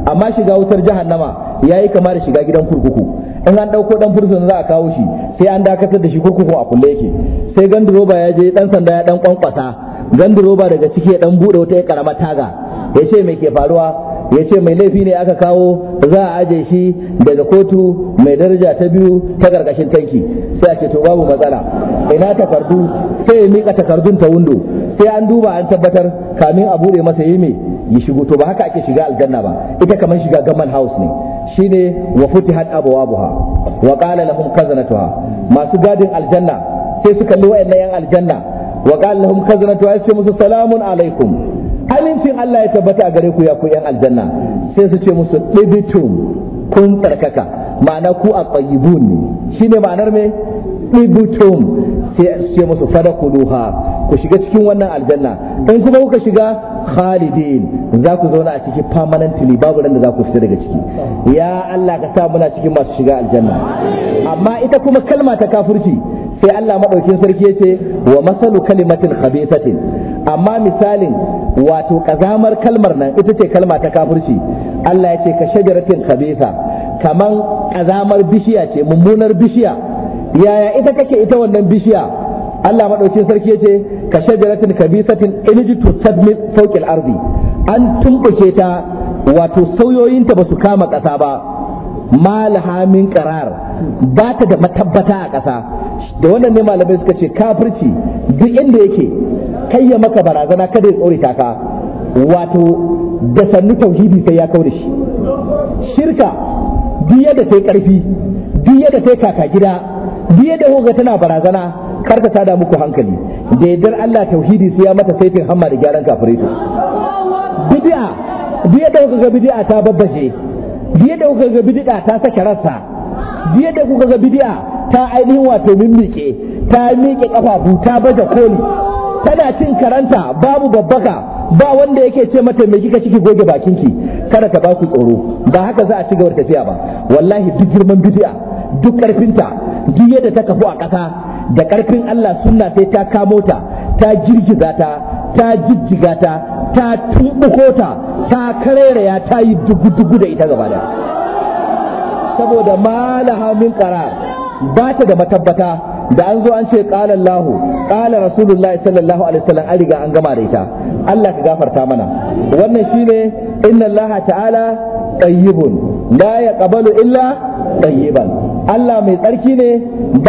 amma shiga wutar jahannama yayi kama da shiga gidan kurkuku in an dauko dan fursun za a kawo shi sai an dakatar da shi kurkuku a kulle yake sai gandiroba ya je dan sanda ya dan kwankwasa gandiroba daga ciki ya dan bude wata karamar taga ya ce me ke faruwa ya ce mai laifi ne aka kawo za a aje shi daga kotu mai daraja ta biyu ta karkashin tanki sai a ce to babu matsala ina takardu sai ya mika takardun ta windo sai an duba an tabbatar kamin a bude masa yi me ya shigo to ba haka ake shiga aljanna ba ita kamar shiga gaman house ne shine wa futihat abwabuha wa qala lahum kazanatuha masu gadin aljanna sai suka kalli wayannan yan aljanna wa qala lahum khazanatuha sai musu salamun alaikum amincin Allah ya tabbata a gare ku ya ku yan aljanna sai su ce musu ɗibitum kun tsarkaka ma'ana ku a tsayibun ne shine ma'anar me ɗibitum sai su ce musu fadakuluha ku shiga cikin wannan aljanna in kuma kuka shiga khalidin za ku zauna a ciki permanently babu ran za ku fita daga ciki ya Allah ka sa muna cikin masu shiga aljanna amma ita kuma kalma ta kafurci sai Allah madaukin sarki ya ce wa masalu kalimatin khabithatin amma misalin wato kazamar kalmar nan ita ce kalma ta kafirci Allah ya ce ka shajaratin khabisa kaman kazamar bishiya ce mummunar bishiya yaya ita kake ita wannan bishiya Allah madauki sarki ya ce ka shajaratin khabisatin to tadmit fawqil ardi an tumbuke ta wato sauyoyinta ba su kama ƙasa ba malaha min qarar ba ta da matabbata a ƙasa da wannan ne malamai suka ce kafirci duk inda yake kai ya maka barazana kada ya tsorita ka wato da sannu tauhidi sai ya kaure shi shirka duk yadda sai karfi duk yadda sai kaka gida duk yadda hoga tana barazana karka ta da muku hankali da yardar Allah tauhidi sai ya mata saifin hamma da gyaran kafirito bid'a duk yadda kuka ga bid'a ta babbaje duk yadda kuka ga bid'a ta sake rassa duk yadda kuka ga bid'a ta ainihin wato mimmike ta mike kafafu ta baje koli tana cin karanta babu babbaka ba wanda yake ce mata me kika ciki goge bakin ki kada ta ba ku tsoro ba haka za a ci gaba da tafiya ba wallahi duk girman bid'a duk karfinta duk yadda ta kafu a ƙasa da karfin Allah sunna sai ta kamo ta ta girgiza ta ta jijjiga ta ta tumbuko ta ta kareraya ta yi dugu-dugu da ita gaba da saboda malaha min qara ba ta da matabbata da an zo an ce qala lahu qala rasulullahi sallallahu alaihi wasallam an riga an gama da ita Allah ka gafarta mana wannan shine inna Allah ta'ala tayyibun la yaqbalu illa tayyiban Allah mai tsarki ne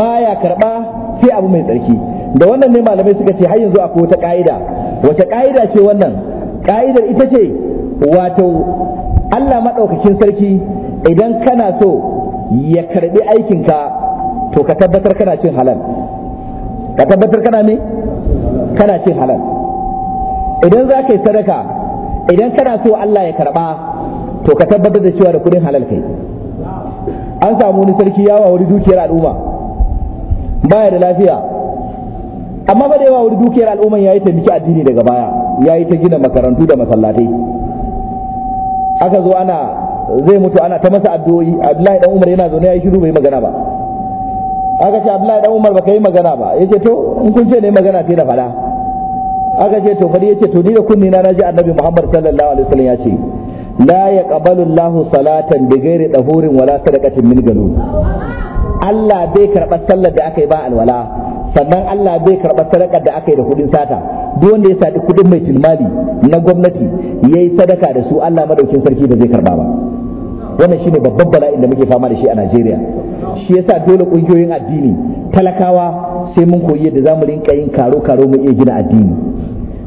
baya karba sai abu mai tsarki da wannan ne malamai suka ce har yanzu akwai wata ka'ida wata ka'ida ce wannan ka'idar ita ce wato Allah madaukakin sarki idan kana so ya karbi aikinka to ka tabbatar kana cin halal ka tabbatar kana ne kana cin halal idan za ka yi sadaka idan kana so Allah ya karba to ka tabbatar da cewa da kudin halal kai an samu wani sarki yawa wani dukiyar al'umma baya da lafiya amma ba da yawa wani dukiyar al'umma yayi ta miki addini daga baya yayi ta gina makarantu da masallatai aka zo ana zai mutu ana ta masa addu'o'i Abdullahi dan Umar yana zaune yayi shiru bai magana ba aka ce Abdullahi dan Umar baka yi magana ba yace to in kun ce ne magana sai da fada aka ce to fari yace to ni da kunni na naji Annabi Muhammad sallallahu alaihi wasallam yace la yaqbalu Allahu salatan ghairi dahurin wala sadaqatin min galu Allah bai karɓar sallar da aka yi ba alwala sannan Allah bai karɓar sadakar da aka yi da kudin sata duk wanda ya sadi kudin mai tilmali na gwamnati yayi sadaka da su Allah madaukin sarki ba zai karba ba wannan shine babban bala'in da muke fama da shi a Najeriya shi yasa dole ƙungiyoyin addini talakawa sai mun koyi yadda zamu rinka yin karo karo mu iya gina addini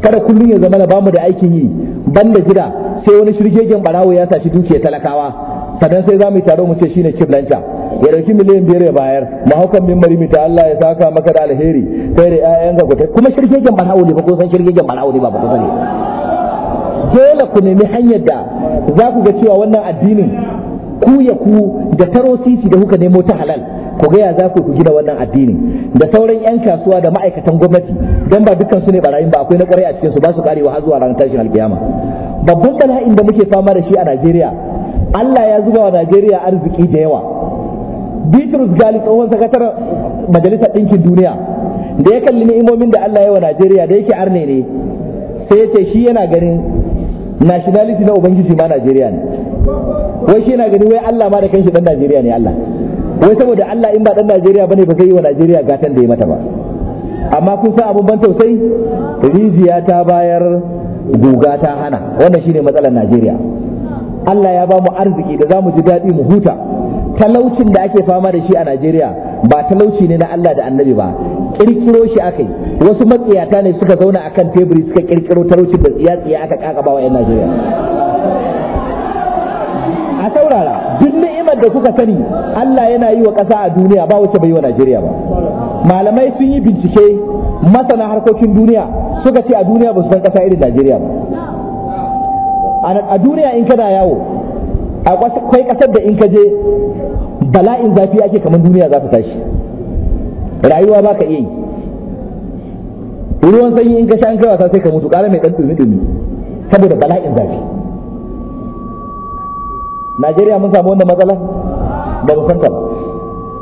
kada kullum ya zama bamu da aikin yi banda gida sai wani shirgegen barawo ya sashi dukiyar talakawa sannan sai za mu yi taro mu ce shine kiblanta ya dauki miliyan biyar ya bayar mahaukan mimbari mita Allah ya saka maka da alheri kai da ƴaƴanka ku kuma shirgegen barawo ne ba ko san shirgegen barawo ne ba ba ku sani dole ku nemi hanyar da za ku ga cewa wannan addinin ku ya ku da taro sisi da kuka nemo ta halal ku ga ya za ku gina wannan addini da sauran yan kasuwa da ma'aikatan gwamnati don ba dukkan su ne barayin ba akwai na kwarai a cikin su ba su karewa har zuwa ranar tashin alkiyama babban bala'in da muke fama da shi a Najeriya Allah ya zuba wa Najeriya arziki da yawa Bitrus Gali tsohon sakataren majalisar Dinkin duniya da ya kalli ni'imomin da Allah ya wa Najeriya da yake arne ne sai ya ce shi yana ganin nationality na Ubangiji ma Najeriya ne wai shi na gani wai Allah ma da kanshi dan Najeriya ne Allah wai saboda Allah in ba dan Najeriya bane ba zai yi wa Najeriya gatan da ya mata ba amma kun san abin ban tausayi rijiya ta bayar guga ta hana wannan shine matsalar Najeriya Allah ya ba mu arziki da za mu ji daɗi mu huta talaucin da ake fama da shi a Najeriya ba talauci ne na Allah da annabi ba kirkiro shi akai wasu matsiyata ne suka zauna akan teburi suka kirkiro talaucin da tsiya-tsiya aka kakaba wa 'yan Najeriya a saurara duk ni'imar da kuka sani Allah yana yi wa ƙasa a duniya ba wacce bai yi wa Najeriya ba malamai sun yi bincike masana harkokin duniya suka ce a duniya ba su san ƙasa irin Najeriya ba a duniya in kana yawo akwai ƙasar da in ka je bala'in zafi ake kamar duniya za ta tashi rayuwa ba ka iya yi ruwan sanyi in ka sha in kai wasa sai ka mutu ƙara mai ɗan ɗumi-ɗumi saboda bala'in zafi Najeriya mun samu wannan matsala ba mu san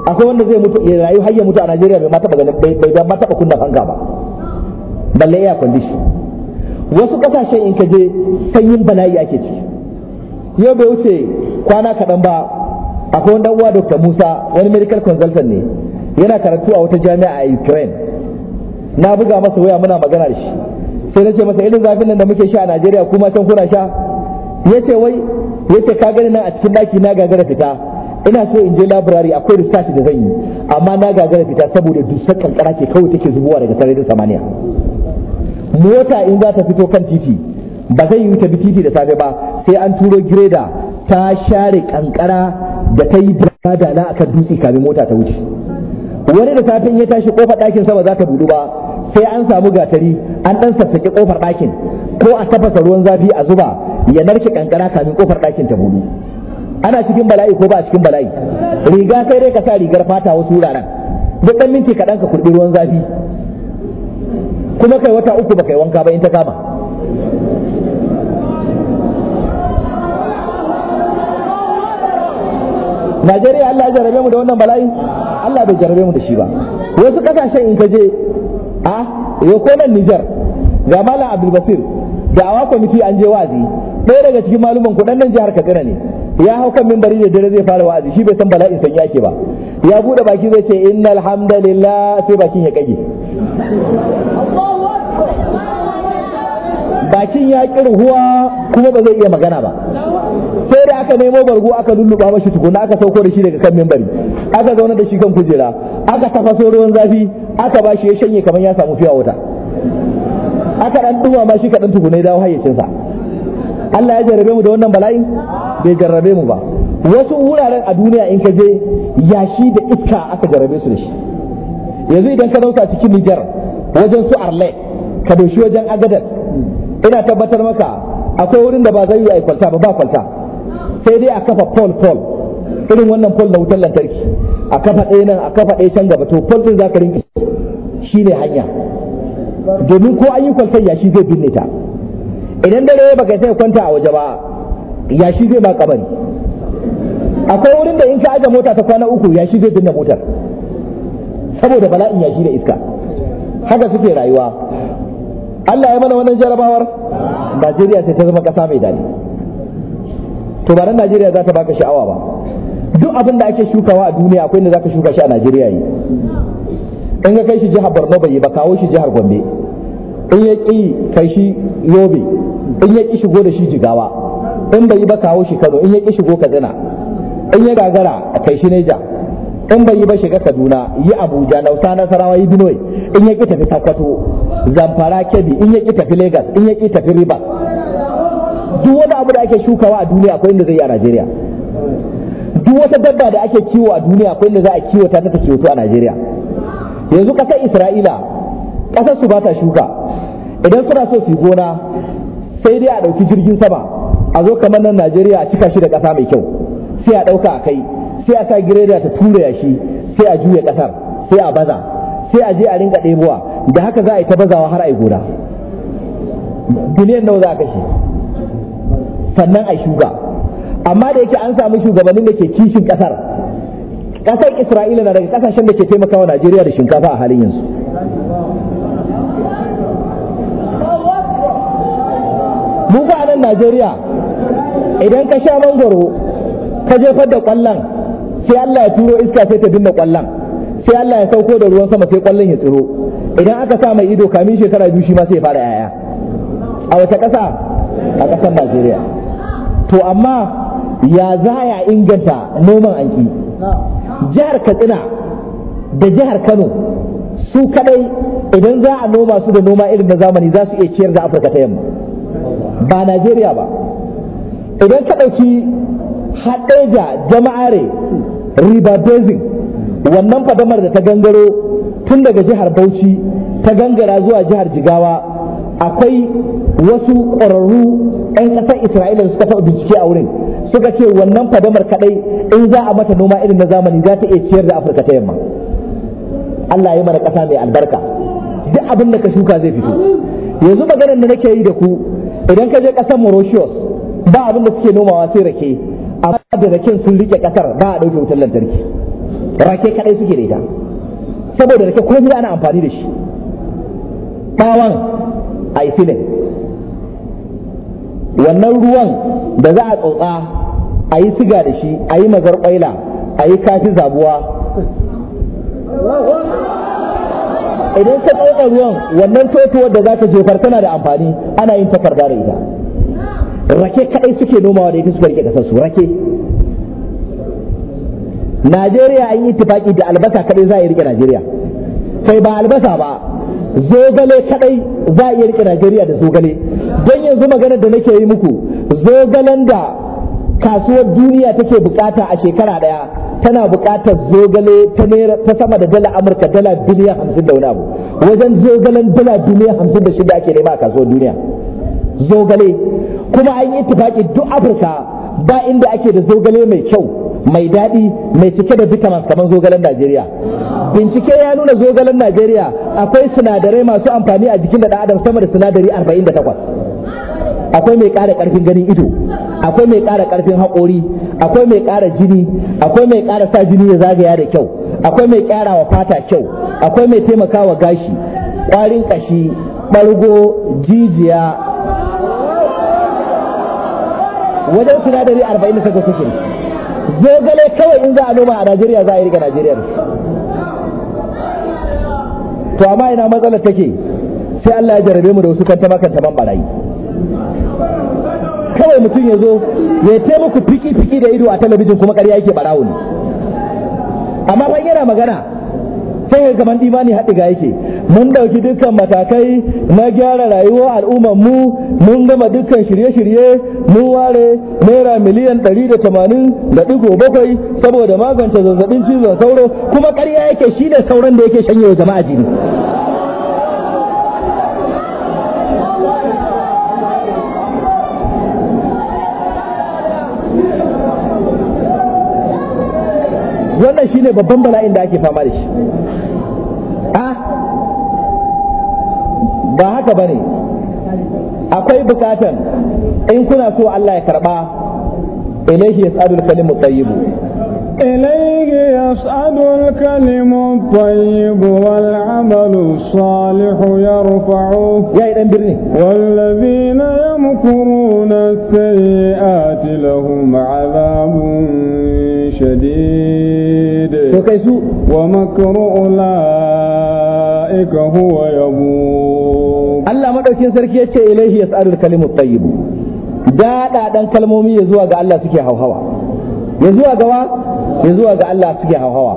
akwai wanda zai mutu ya rayu hayya mutu a Najeriya bai ma taba ganin bai bai ma taba kunna fanka ba balle ya condition wasu kasashen in ka je sanyin bala'i ake ci yau bai wuce kwana kaɗan ba akwai wanda uwa Dr. Musa wani medical consultant ne yana karatu a wata jami'a a Ukraine na buga masa waya muna magana da shi sai nace masa irin zafin nan da muke sha a Najeriya kuma can kuna sha yace wai yace ka gani na a cikin daki na gagara fita ina so in je library akwai research da zan yi amma na gagara fita saboda dusar kankara ke kawai take zubowa daga sararin samaniya mota in za ta fito kan titi ba zai yi ta bi titi da safe ba sai an turo gireda ta share kankara da ta yi da na akan dutse kamin mota ta wuce wani da safin ya tashi kofar ɗakin sama za ta budu ba sai an samu gatari an ɗan sassaƙe kofar ɗakin ko a tafasa ruwan zafi a zuba ya narke kankara kafin kofar ɗakin ta buɗe ana cikin bala'i ko ba a cikin bala'i riga kai dai ka sa rigar fata wasu wuraren duk ɗan minti kaɗan ka kurɗi ruwan zafi kuma kai wata uku baka yi wanka ba in ta kama Najeriya Allah ya jarabe mu da wannan bala'i Allah bai jarabe mu da shi ba wasu kasashen in ka je a yau ko nan Nijar ga Malam Abdul Basir da awa kwamiti an je wa'azi ɗaya daga cikin maluman ku nan jihar Katsina ne ya hau kan mimbari da dare zai fara wa'azi shi bai san bala'in sanya ke ba ya buɗe baki zai ce inna alhamdulillah, sai bakin ya kage bakin ya ruhuwa kuma ba zai iya magana ba sai da aka nemo bargo aka lulluba mashi tukuna aka sauko da shi daga kan mimbari aka zauna da shi kan kujera aka tafaso ruwan zafi aka bashi ya shanye kamar ya samu fiya wuta aka dan duma ma shi kadan tukunai dawo hayyacin Allah ya jarrabe mu da wannan bala'in bai jarrabe mu ba wasu wuraren a duniya in ka je yashi da iska aka jarrabe su da shi yanzu idan ka dauka cikin Niger wajen su Arle ka doshi wajen Agadar ina tabbatar maka akwai wurin da ba zai yi kwalta ba ba kwalta sai dai a kafa pole pole irin wannan pole na wutar lantarki a kafa ɗaya nan a kafa ɗaya can gaba to pole din zaka rinka shine hanya domin ko an yi ya yashi zai binne ta idan dare baka sai kwanta a waje ba yashi zai ba kabari akwai wurin da in ka aje mota ta kwana uku yashi zai binne motar saboda bala'in yashi da iska haka suke rayuwa Allah ya mana wannan jarabawar Najeriya sai ta zama kasa mai dadi to ba nan Najeriya za ta baka sha'awa ba duk abin da ake shukawa a duniya akwai inda zaka shuka shi a Najeriya yi in ya kai shi jihar Borno bai yi ba kawo shi jihar Gombe in ya kai shi Yobe in ya ki shigo da shi Jigawa in bai yi ba kawo shi Kano in ya ki shigo Katsina in ya gagara a kai shi Neja in bai yi ba shiga Kaduna yi Abuja Nausa Nasarawa yi Benue in ya ki tafi Sokoto Zamfara Kebbi in ya ki tafi Lagos in ya ki tafi Rivers duk wani abu da ake shukawa a duniya akwai inda zai yi a Najeriya duk wata dabba da ake kiwo a duniya akwai inda za a kiwata ta ta kiwo a Najeriya yanzu ƙasar isra'ila ƙasar su ba ta shuka idan suna so su yi gona sai dai a ɗauki jirgin sama a zo kamar nan najeriya a cika shi da ƙasa mai kyau sai a ɗauka a kai sai a sa gireda ta tura shi sai a juya ƙasar sai a baza sai a je a rinka ɗebowa da haka za a yi ta bazawa har a yi gona nawa za a sannan a shuka amma da yake an samu shugabannin da ke kishin ƙasar kasar isra'ila na daga kasashen da ke taimakawa najeriya da shinkafa a halin yanzu mu ba nan najeriya idan ka sha mangoro ka jefar da kwallon sai allah ya turo iska sai ta binne kwallon sai allah ya sauko da ruwan sama sai kwallon ya tsiro idan aka sa mai ido kamin shekara biyu shi ma sai ya fara yaya a wata ƙasa a kasar najeriya to amma ya za ya inganta noman anki jihar katsina da jihar kano su kadai idan za a noma su da noma irin na zamani za su iya ciyar da afirka ta yamma ba najeriya ba idan ka ɗauki haɗeja jama'are riba basin wannan fadamar da ta gangaro tun daga jihar bauchi ta gangara zuwa jihar jigawa akwai wasu ƙwararru 'yan ƙasar isra'ila da suka faɗa bincike a wurin suka ce wannan fadamar kaɗai, in za a mata noma irin na zamani za ta iya ciyar da afirka ta yamma allah ya mana ƙasa mai albarka duk abin da ka shuka zai fito yanzu maganar da nake yi da ku idan ka je ƙasar mauritius ba abin da suke nomawa sai rake amma da raken sun rike ƙasar ba a ɗauke wutar lantarki rake kaɗai suke da ita saboda rake komai ana amfani da shi ɓawon a yi wannan ruwan da za a tsotsa a yi siga da shi a yi mazar ƙwaila a yi kafi zabuwa idan ka tsotsa ruwan wannan totuwar da za ta jefar tana da amfani ana yin takarda da ita rake kaɗai suke nomawa da ita suka rike ƙasar su rake Najeriya an yi tufaki da albasa kaɗai za a yi rike Najeriya sai ba albasa ba zogale kadai za a iya rike Najeriya da zogale don yanzu maganar da nake yi muku zogalen da kasuwar duniya take bukata a shekara daya tana bukatar zogale ta sama da dala amurka dala duniya hamsin da wani abu wajen zogalen dala duniya hamsin da shida ake nema a kasuwar duniya zogale kuma an yi tufaƙi duk afirka ba inda ake da zogale mai kyau mai daɗi mai cike da bitamin kamar zogalen Najeriya. Bincike ya nuna zogalen Najeriya akwai sinadarai masu amfani a jikin da adam sama da sinadari 48. Akwai mai ƙara ƙarfin ganin ido, akwai mai ƙara ƙarfin haƙori, akwai mai ƙara jini, akwai mai ƙara sa jini ya zagaya da kyau, akwai mai ƙara wa fata kyau, akwai mai taimakawa gashi, ƙwarin ƙashi, ɓargo, jijiya, wajen sinadari arba'in da suke zogale kawai in za a noma a Najeriya za a yi riga Najeriya to amma ina matsalar take sai Allah ya jarabe mu da wasu kan tabakan taban barayi kawai mutum ya zo ya taimaka fiki fiki da ido a talabijin kuma ƙarya yake barawo ne amma ban yana magana sai ga kaman imani haɗiga yake mun ɗauki dukkan matakai na gyara rayuwar al'ummar mu mun gama dukkan shirye-shirye mun ware naira miliyan ɗari da tamanin da ɗigo bakwai saboda magance zazzabin cizon sauro kuma ƙarya yake shine sauran da yake shanyewa jama'a jini wannan shine babban bala'in da ake fama da shi ba haka ba ne akwai bukatan in kuna so Allah ya karba ilaihi ya tsadul kalimu tsayibu ilaihi ya tsadul kalimu tsayibu wal amalu salihu ya rufa'u ya yi dan birni wallazi na ya mukuru na sai a tilahu ma'azamun shadid to kai su wa makaru'ula ika huwa yabu Allah madaukin sarki yace ilaihi yas'alul kalimut tayyib dada dan kalmomi ya zuwa ga Allah suke hauhawa ya zuwa ga wa ya zuwa ga Allah suke hauhawa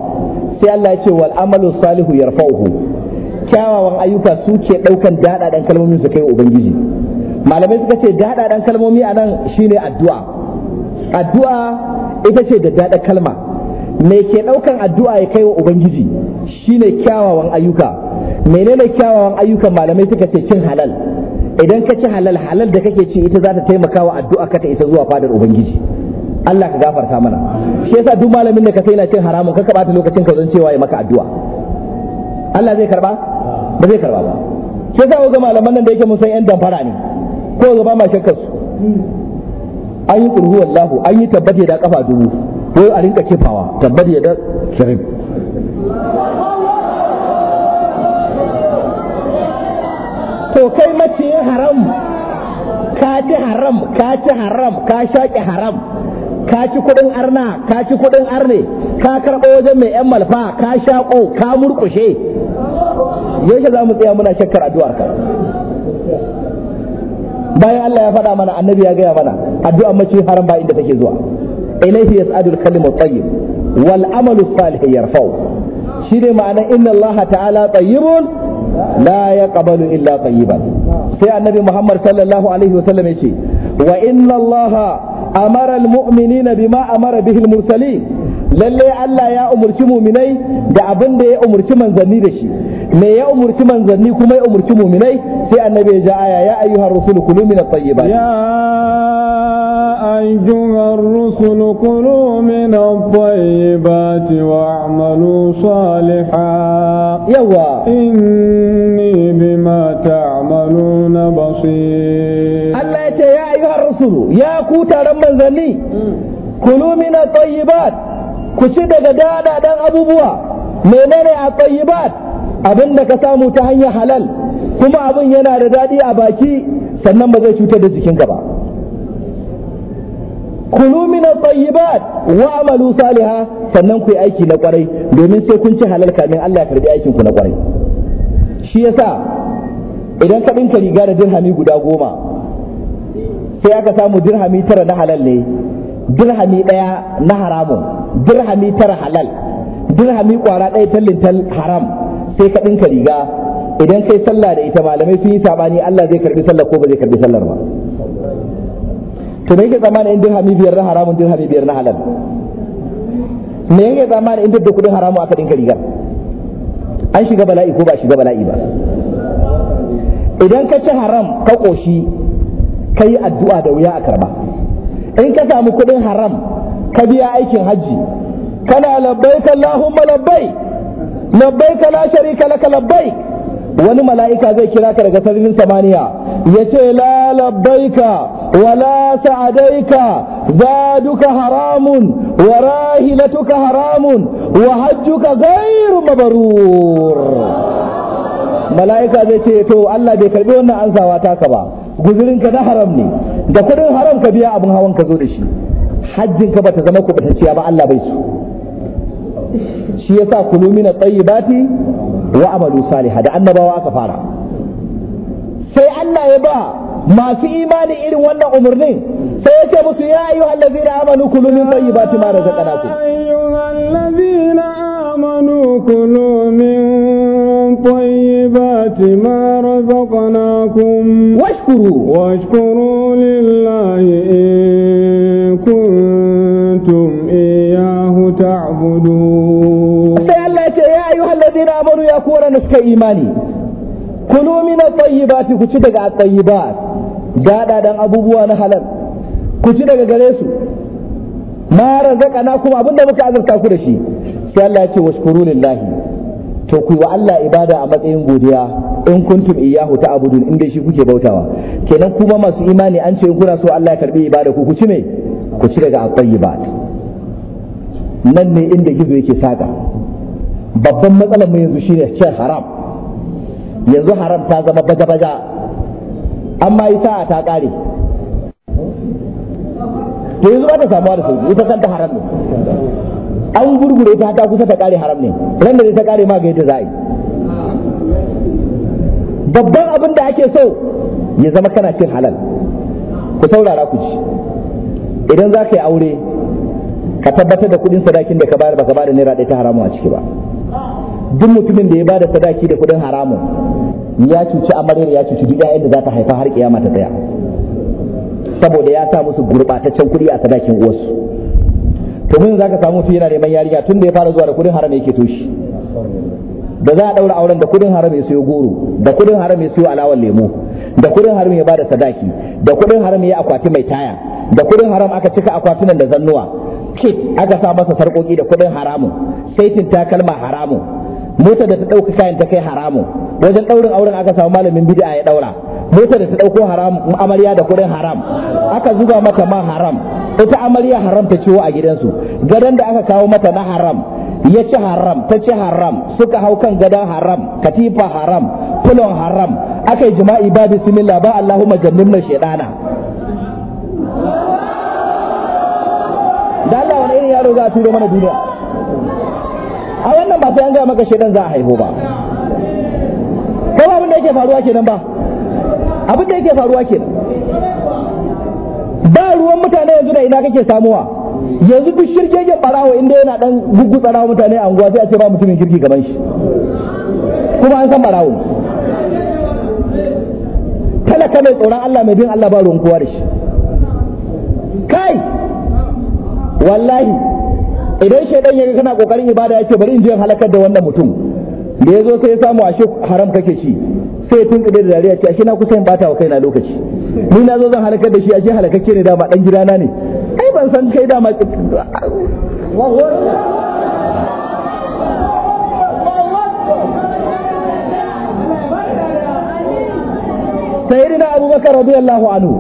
sai Allah yace wal amalu salihu yarfa'uhu kyawawan ayyuka suke daukan dada dan kalmomi su kai ubangiji malamai suka ce dada dan kalmomi nan shine addu'a addu'a ita ce da dada kalma me ke ɗaukan addu'a ya kai wa ubangiji shine kyawawan ayyuka menene kyawawan ayyukan malamai suka ce cin halal idan ka ci halal halal da kake ci ita za ta taimaka wa addu'a ka ta isa zuwa fadar ubangiji Allah ka gafarta mana shi yasa duk malamin da ka sai yana cin haramun ka bata lokacin ka zan cewa ya maka addu'a Allah zai karba ba zai karba ba shi yasa ga malaman nan da yake mun san yan damfara ne ko ga ba ma shakkar su an yi kurhu wallahu an yi tabbata da kafa dubu ko a rinka kifawa tabbata da kirib to kai yin haram ka ci haram ka ci haram ka shaƙi haram ka ci kuɗin arna ka ci kuɗin arne ka karɓo wajen mai yan malfa ka shaƙo ka murƙushe yaushe za mu tsaya muna shakkar addu'ar ka bayan Allah ya faɗa mana annabi ya gaya mana addu'a mace haram ba inda take zuwa ilayhi yas'adul kalimu tayyib wal amalu salih yarfa'u shi ma'ana ma'anar inna Allah ta'ala tayyibun la yaqbalu illa tayyiban sai annabi Muhammad sallallahu alaihi wa sallam yace wa inna Allah amara na bima amara bihi almursalin lalle Allah ya umarci muminai da abin da ya umurci manzanni da shi me ya umurci manzanni kuma ya umarci muminai sai annabi ya ja aya ya ayyuhar rusul kulu min at أيها الرسل كنوا من الطيبات واعملوا صالحا يوا إني بما تعملون بصير الله يا أيها الرسل يا كوتا رمى زني كلوا من الطيبات كشد غدانا دان أبو بوا menene a tsayibat abin da ka samu ta hanyar halal kuma abin yana da daɗi a baki sannan ba zai cutar da jikinka ba kulu min at-tayyibat wa amalu saliha sannan ku yi aiki na kwarai domin sai kun ci halal kamin Allah ya karbi aikin ku na kwarai shi yasa idan ka dinka riga da dirhami guda goma sai aka samu dirhami tara na halal ne dirhami daya na haramun dirhami tara halal dirhami kwara daya tallintal haram sai ka dinka riga idan kai sallah da ita malamai sun yi sabani Allah zai karbi sallah ko ba zai karbi sallar ba to me yake zamana in dirhami biyar na haramun dirhami biyar na halal me yake zamana in da kudin haramu aka dinka rigar an shiga bala'i ko ba shiga bala'i ba idan ka ci haram ka koshi ka yi addu'a da wuya a karba in ka samu kudin haram ka biya aikin hajji kana labbaika Allahumma labbai labbaika la sharika laka labbai wani mala'ika zai kira ka daga sararin samaniya ya ce la labbaika ولا سعديك زادك حرام haramun حرام وحجك غير مبرور mala'ika zai ce to Allah bai karbi wannan ansawa taka ba guzurinka na haram ne da kudin haram ka biya abin hawan ka zo da shi hajjin ka bata zama kubatacciya ba Allah bai su shi yasa kulu min at-tayyibati wa amalu salihah da annabawa aka fara sai Allah ya ba masu imani irin wannan umarnin sai ya ce musu ya ayyuha allazina amanu kulu min tayyibati ma razaqnakum ayyuha allazina amanu kulu min tayyibati ma razaqnakum washkuru washkuru lillahi in kuntum iyyahu ta'budun sai Allah ya ce ya ayyuha allazina amanu ya kuwa suka imani kulu min tayyibati ku ci daga tayyibat gada dan abubuwa na halal ku ci daga gare su ma na kuma abinda muka azurta ku da shi sai Allah ya ce washkuru lillahi to ku wa Allah ibada a matsayin godiya in kuntum iyyahu ta'budun inda shi kuke bautawa kenan kuma masu imani an ce in kuna so Allah ya karbi ibada ku ku ci me ku ci daga at-tayyibat nan ne inda gizo yake saka babban matsalar mu yanzu shine cin haram yanzu haram ta zama baja-baja amma yi sa'a ta ƙare, to yanzu ba ta samuwa da sauki ita kanta haram ne an gurgure ta ta kusa ta ƙare haram ne ran da ta ƙare ma ga yadda za a yi babban abin da ake so ya zama kana cin halal ku saurara ku ci idan za ka yi aure ka tabbatar da kudin sadakin da ka bayar ba ka da naira ɗaya ta haramu a ciki ba duk mutumin da ya bada sadaki da kuɗin haramun ya cuci amaryar ya cuci duk ƴaƴan da za ta haifa har kiyama ta tsaya saboda ya sa musu gurbataccen kuɗi a sadakin uwarsu to mun zaka samu mutum yana neman yariya tun da ya fara zuwa da kuɗin haram yake toshi da za a daura auren da kuɗin haram ya sayo goro da kuɗin haram ya siyo alawan lemo da kuɗin haram ya bada sadaki da kuɗin haram ya akwati mai taya da kuɗin haram aka cika akwatunan da zannuwa kit aka sa masa sarƙoƙi da kuɗin haramun saitin takalma haramun mota da ta ɗauka kayan ta kai haramun wajen ɗaurin auren aka samu malamin bid'a ya ɗaura mota da ta ɗauko haram amarya da kuɗin haram aka zuba mata ma haram ita amarya haram ta ciwo a gidansu gadon da aka kawo mata na haram ya ci haram ta ci haram suka hau kan gadon haram katifa haram fulon haram aka yi jima'i ba bismillah ba allahumma jannibna shaidana da wani yaro za a turo mana duniya a wannan ba sai an gaya maka shedan za a haihu ba kawai abin da yake faruwa kenan ba abin da yake faruwa kenan ba ruwan mutane yanzu da ina kake samuwa yanzu duk shirke ya barawa inda yana dan gugu tsara mutane a anguwa sai a ce ba mutumin kirki gaban shi kuma an san barawo talaka mai tsoron Allah mai bin Allah ba ruwan kowa da shi kai wallahi idan shaidan yaga kana kokarin ibada yake bari in je halakar da wannan mutum da ya zo sai ya samu ashe haram kake shi sai ya tun da dariya ce ashe na kusa yin bata wa kaina lokaci ni na zo zan halakar da shi ashe halakakke ne dama dan gidana ne kai ban san kai dama sayyidina abubakar radiyallahu anhu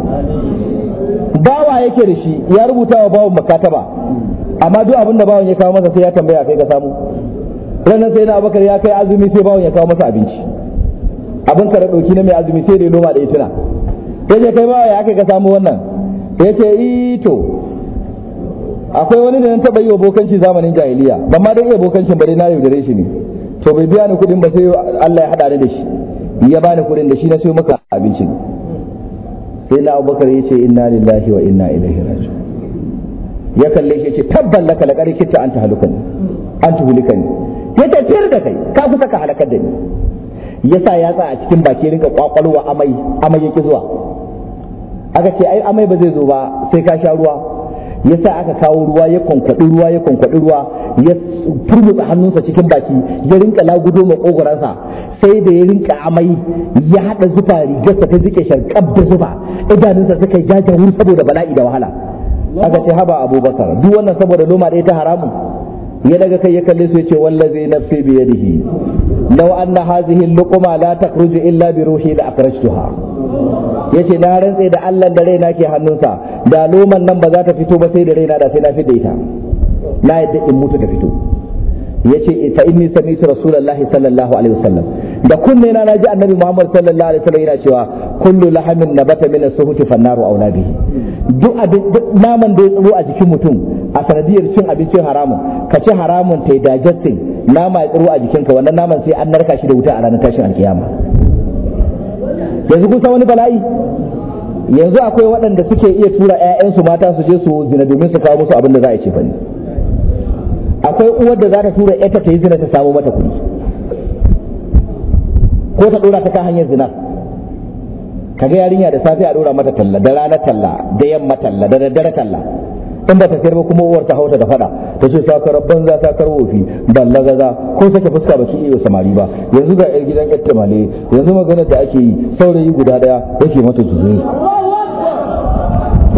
bawa yake da shi ya rubuta wa bawan makataba amma duk abin da bawon ya kawo masa sai ya tambaya kai ka samu ranar sai na abakar ya kai azumi sai bawon ya kawo masa abinci abin ka dauki na mai azumi sai dai noma da sai ya kai bawa ya kai ka samu wannan ce i to akwai wani da nan taba yi wa bokanci zamanin jahiliya ban ma dai iya bokancin bare na yaudare shi ne to bai biya ni kuɗin ba sai Allah ya hada ni da shi ya bani kuɗin da shi na sai maka abincin sai na abubakar ya ce inna lillahi wa inna ilaihi raji'un ya kalle shi ce tabban laka la kare kitta an tahalukan an tuhulikan ya fiye da kai ka kusa ka halakar da ni ya sa ya tsaya a cikin baki rinka kwakwalwa amai amai yake zuwa aka ce ai amai ba zai zo ba sai ka sha ruwa ya sa aka kawo ruwa ya kwankwaɗi ruwa ya kwankwaɗi ruwa ya turmutsa hannunsa cikin baki ya rinka lagudo makogoransa sai da ya rinka amai ya haɗa zufa rigarsa ta zike sharkab da zufa idanunsa suka yi wuri saboda bala'i da wahala aka ce haba abubakar duk wannan saboda loma ɗaya ta haramun ya daga kai ya kalle su ya ce wallazi nafsi bi yadihi law anna hadhihi luquma la takhruju illa bi ruhi la akhrajtuha yace na rantse da Allah da raina ke hannunsa da loman nan ba za ta fito ba sai da raina da sai na fidda ita na yadda in mutu ta fito yace fa inni sami'tu rasulullahi sallallahu alaihi wasallam da kunne na naji annabi Muhammad sallallahu alaihi wasallam yana cewa kullu lahamin nabata min as-suhuti fannaru aula bihi duk abin duk naman da ya tsiro a jikin mutum a sanadiyar cin abincin haramun ka ci haramun ta digesting nama ya tsiro a jikinka wannan naman sai an narka shi da wuta a ranar tashin alkiyama yanzu kun wani bala'i yanzu akwai waɗanda suke iya tura 'ya'yansu mata su je su zina domin su kawo musu abin da za a ce fa akwai uwar da za ta tura 'yarta ta yi zina ta samu mata kuɗi ko ta ɗora ta kan hanyar zina kaga yarinya da safe a dora mata talla da rana talla da yamma talla da daddare talla inda ta sayar kuma uwar ta hauta da fada ta ce saka rabban banza ta karwo fi balla gaza ko sake fuska ba ki iya samari ba yanzu ga yar gidan yar male yanzu magana da ake yi saurayi guda daya yake mata juye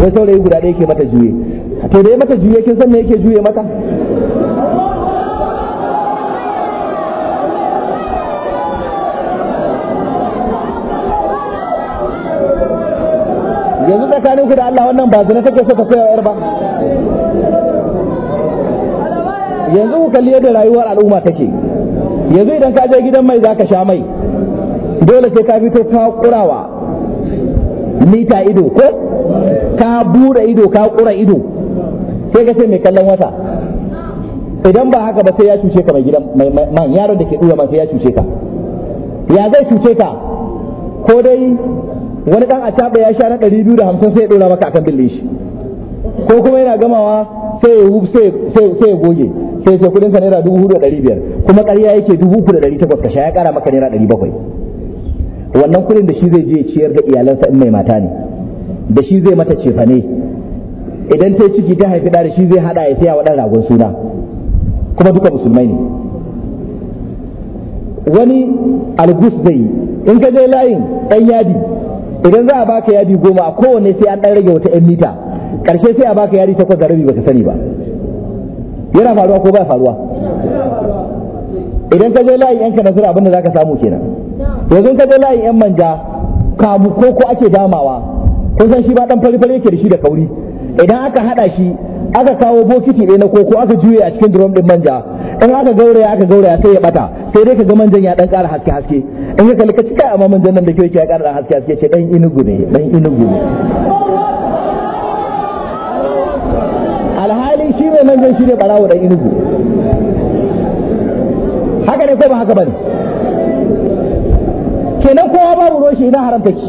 wai saurayi guda daya yake mata juye to da ya mata juye kin san me yake juye mata tsakanin ku da Allah wannan ba zina kake so ka koya yar ba yanzu ku kalli yadda rayuwar al'umma take yanzu idan ka je gidan mai zaka sha mai dole sai ka fito ka kurawa mita ido ko ka bude ido ka kura ido sai ka ce mai kallon wata idan ba haka ba sai ya cuce ka mai gidan mai man yaron da ke dura ma sai ya cuce ka ya zai cuce ka ko dai wani dan acaba ya sha na 250 sai ya ɗora maka akan billin shi ko kuma yana gamawa sai ya sai ya goge sai sai kudin naira 4500 kuma ƙarya yake 3800 ka sha ya ƙara maka naira 700 wannan kudin da shi zai je ciyar da iyalansa in mai mata ne da shi zai mata cefane idan ta ciki ta haifi da shi zai haɗa ya saya wa ragon suna kuma duka musulmai ne wani algus zai yi. in ka je layin ɗan yadi idan za a baka yadi goma a kowane sai an ɗan rage wata yan mita karshe sai a baka yadi takwas da rabi baka sani ba yana faruwa ko ba faruwa idan ka je layin yan kanasura abinda ka samu kenan yanzu ka je layin yan manja kamu ko ko ake damawa kun san shi ba dan fari fari yake da shi da kauri idan aka hada shi aka kawo bokiti ɗaya na koko aka juye a cikin drum ɗin manja in aka gauraya aka gauraya sai ya bata sai dai ka ga manjan ya dan ƙara haske haske in ka kalli ka cika amma manjan nan da ke ya ƙara haske haske ce dan inugu ne dan inugu ne alhali shi mai manjan shi ne barawo dan inugu haka ne ko ba haka bane kenan kowa babu ruwan shi idan haramta ki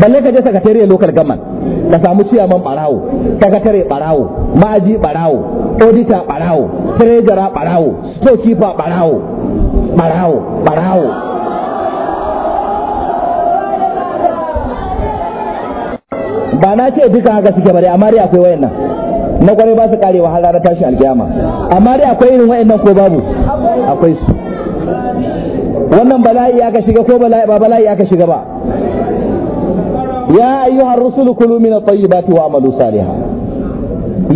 balle ka je sakatariyar local government ka samu ciyaman barawo sakatare barawo ma'aji barawo odita barawo treasurer barawo storekeeper barawo barawo barawo ba na ce duka haka suke bare amma dai akwai wayannan na kwarai ba su karewa har na tashi alkiyama amma dai akwai irin wayannan ko babu akwai su wannan bala'i aka shiga ko bala'i ba bala'i aka shiga ba يا أيها الرسل كلوا من الطيبات وعملوا صالحا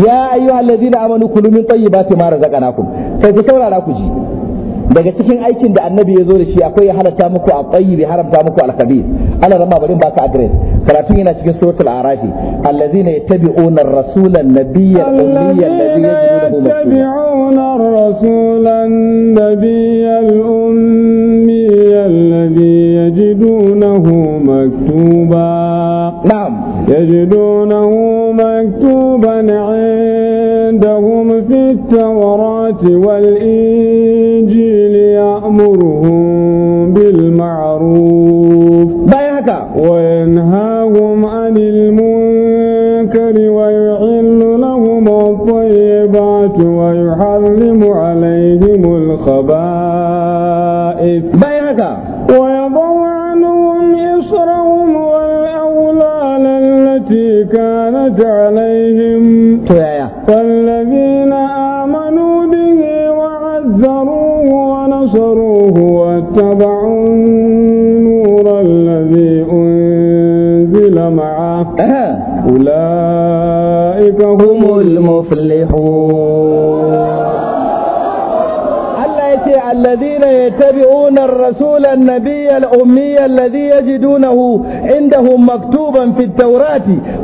يا أيها الذين آمنوا كلوا من طيبات ما رزقناكم فإذا كورا راكو جي daga cikin aikin da annabi ya zo da shi akwai ya halatta muku a tsayi haramta muku alkhabir ana rama bari ba ka adres karatun yana cikin suratul arafi allazina yattabi'una ar-rasula an-nabiyya al-ummiyya alladhi yattabi'una ar-rasula an-nabiyya al-ummiyya alladhi yajidunahu maktuba na'am yajidunahu maktuban 'inda في التوراة والإنجيل يأمرهم بالمعروف وينهاهم عن المنكر ويحل لهم الطيبات ويحرم عليهم الخبائث ويضع عنهم إصرهم والأولال التي كانت عليهم أولئك هم المفلحون ce alladina yattabi'una ar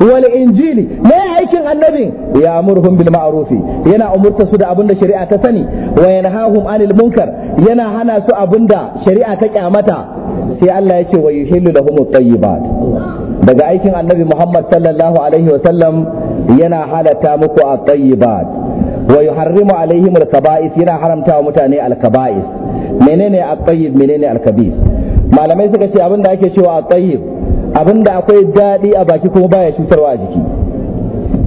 wal-injili me aikin annabi ya amurhum bil yana umurta su da abinda shari'a ta sani wa yanhahum 'anil munkar yana hana su shari'a ta sai Allah ya ce daga aikin annabi Muhammad sallallahu alaihi wa sallam yana halata muku at-tayyibat wa yuharrimu alaihim al-kaba'is yana haramta wa mutane al-kaba'is menene at-tayyib menene al-kabis malamai suka ce abinda ake cewa at-tayyib abinda akwai dadi a baki kuma baya cutarwa a jiki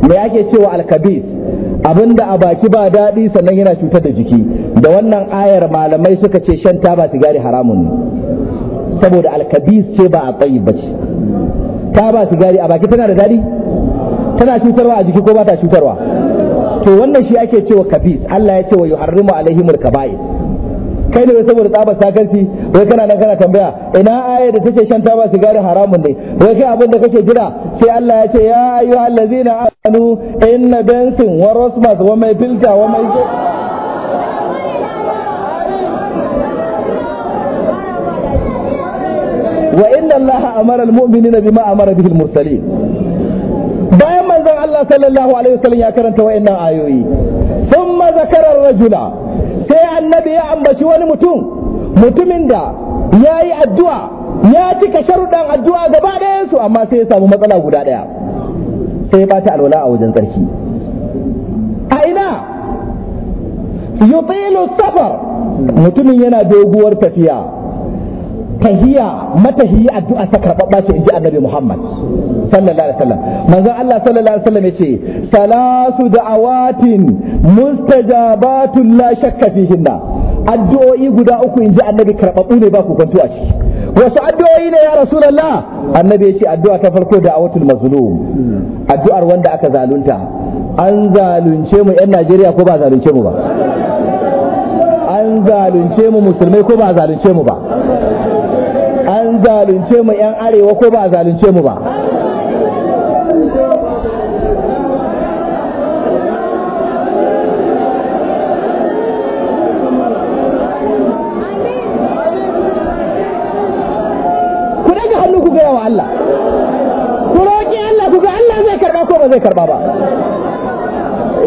me ake cewa al-kabis abinda a baki ba dadi sannan yana cutar da jiki da wannan ayar malamai suka ce shan taba sigari haramun ne saboda al-kabis ce ba at-tayyib ce. ta ba sigari a baki tana da daɗi tana cutarwa a jiki ko ba ta cutarwa to wannan shi ake cewa kabis Allah ya ce wa yuharrimu alaihimul bai. kai ne saboda tsabar sakarci wai kana nan kana tambaya ina aya da take shan taba sigari haramun ne wai kai abin da kake jira sai Allah ya ce ya ayyuhallazina amanu inna dansin wa rasmas wa mai filta wa mai wa inna Allah amara almu'minina bima amara bihi bayan manzon Allah sallallahu alaihi wasallam ya karanta wayannan ayoyi thumma zakara rajula sai annabi ya ambaci wani mutum mutumin da yayi addu'a ya cika sharuɗan addu'a gaba ɗayan su amma sai ya samu matsala guda ɗaya sai ya bata alwala a wajen tsarki a ina yutilu safar mutumin yana doguwar tafiya tahiya matahiya addu'a ta karɓaɓɓa ce inji annabi Muhammad sallallahu alaihi wasallam manzon Allah sallallahu alaihi wasallam yace salasu da'awatin mustajabatun la shakka fihinna addu'o'i guda uku inji annabi karɓaɓɓu ne ba ku kwanto a ciki wasu addu'o'i ne ya rasulullah annabi yace addu'a ta farko da'awatul mazlum addu'ar wanda aka zalunta an zalunce mu yan Najeriya ko ba zalunce mu ba an zalunce mu musulmai ko ba zalunce mu ba an zalunce mu 'yan arewa ko ba a zalunce mu ba ku Allah ku roƙi zai karba ba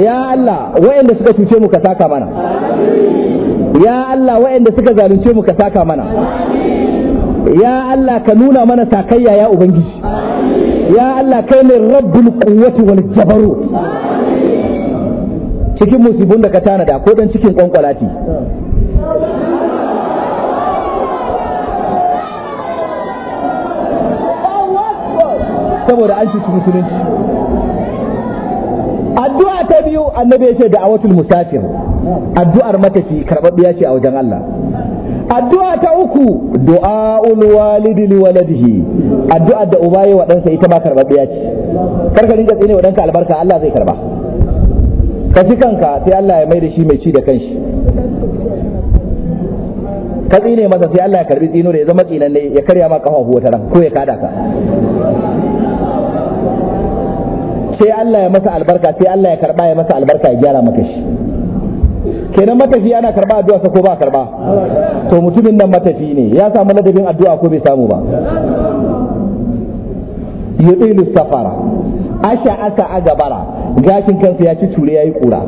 ya Allah waɗanda suka cuce mu ka saka mana ya Allah waɗanda suka zalunce mu ka saka mana ya Allah ka nuna mana takayya ya ubangiji ya Allah kai ne rabbul quwwati wal jabaru. cikin musibin da ka tanada ko dan cikin kwankwalati saboda an cuci musulunci addu'a ta biyu annabi ya ce awatul musafir addu'ar mataki karɓaɓɓiya ce a wajen Allah addu'a ta uku ul walidi li waladihi addu'a da uba yayi wa ɗansa ita ma karɓaɓɓiya ce karka dinga tsine wa ɗanka albarka Allah zai karba ka ci kanka sai Allah ya mai da shi mai ci da kanshi ka tsine masa sai Allah ya karbi tsino da ya zama tsinan ne ya karya ma kafa wata ran ko ya kada ka sai Allah ya masa albarka sai Allah ya karba ya masa albarka ya gyara maka shi kenan matafi ana karba addu'a sa ko ba karba to mutumin nan matafi ne ya samu ladabin addu'a ko bai samu ba yudilu safara asha aka agabara gashin kansa ya ci ture yayi kura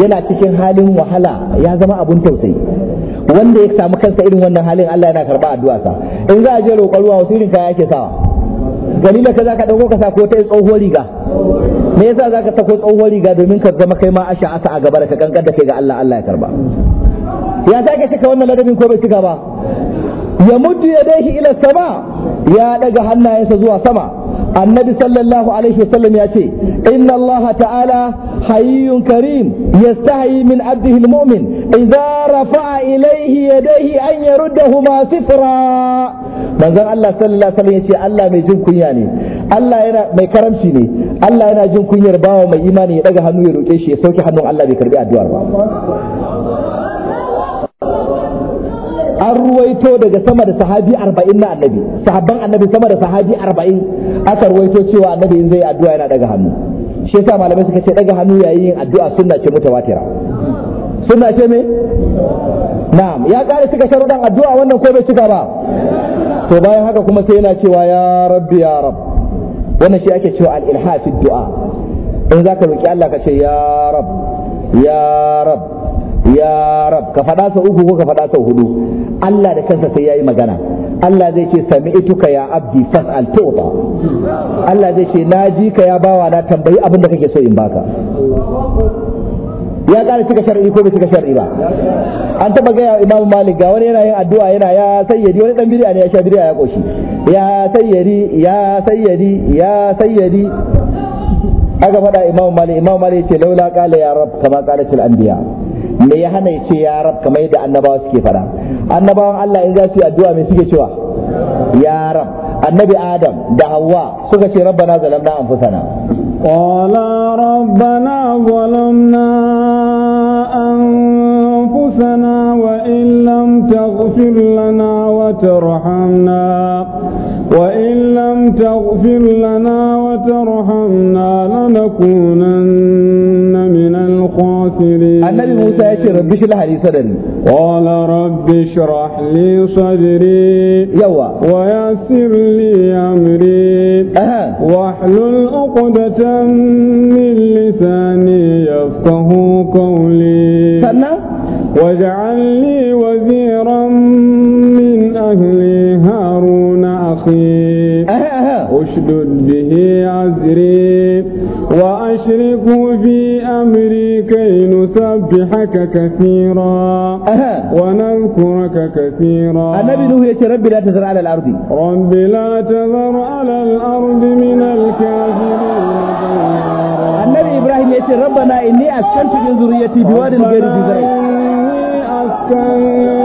yana cikin halin wahala ya zama abun tausayi wanda ya samu kansa irin wannan halin Allah yana karba addu'a sa in za a je roƙon wasu irin kaya yake sawa gani ka za ka ɗauko ka sa ko ta tsohuwar riga me yasa zaka sako tsohon riga domin ka zama kai ma asha asa a gaba da ka kankan da kai ga Allah Allah ya karba ya sake cika wannan ladabin ko bai cika ba ya dai shi ila sama ya daga hannayensa zuwa sama annabi sallallahu alaihi wasallam ya ce inna allaha ta'ala hayyun karim yastahi min abdihi almu'min idza rafa'a ilayhi yadayhi an yaruddahuma sifra manzon Allah sallallahu alaihi wasallam ya ce Allah mai jin kunya ne Allah yana mai karamci ne Allah yana jin kunyar bawa mai imani ya daga hannu ya roke shi ya sauke hannun Allah bai karbi addu'ar ba an ruwaito daga sama da sahabi arba'in na annabi sahabban annabi sama da sahabi arba'in aka ruwaito cewa annabi in zai addu'a yana daga hannu shi yasa malamai suka ce daga hannu yayin yin addu'a sunna ce mutawatira sunna ce me na'am ya kare suka sharudan addu'a wannan ko bai cika ba to bayan haka kuma sai yana cewa ya rabbi ya rab wannan shi ake cewa al-ilha fi du'a in zaka roki Allah ka ce ya rab ya rab ya rab ka faɗa sau uku ko ka faɗa sau hudu Allah da kansa sai yayi magana Allah zai ce sami'tuka ya abdi fas'al tu'ta Allah zai ce na ji ka ya bawa na tambayi abin da kake so in baka ya ƙara cika shar'i ko bai cika shar'i ba an taba gaya imamu malik ga wani yana yin addu'a yana ya sayyadi wani dan bid'a ne ya sha bid'a ya koshi ya sayyadi ya sayyadi ya sayyadi aga faɗa imamu malik imamu malik ya ce laula qala ya rab kama til anbiya me ya hana ya ce ya rab kamar yadda annabawa suke fara annabawan Allah in za su yi addu'a me suke cewa ya rab annabi adam da hawa suka ce rabbana zalamna anfusana qala rabbana zalamna anfusana wa in lam taghfir lana wa tarhamna وإن لم تغفر لنا وترحمنا لنكونن الخاسرين النبي موسى يا رب اشرح لي صدري قال رب اشرح لي صدري يوا ويسر لي أمري واحلل عقدة من لساني يفقه قولي سنة. واجعل لي وزيرا من أهلي هارون أخي أشدد به عزري وأشركه في نسبحك كثيرا أها. ونذكرك كثيرا النبي نوح يا رب لا تذر على الأرض ربي لا تذر على الأرض من الكافرين النبي إبراهيم يا ربنا إني أسكنت من ذريتي بواد غير ذي أسكنت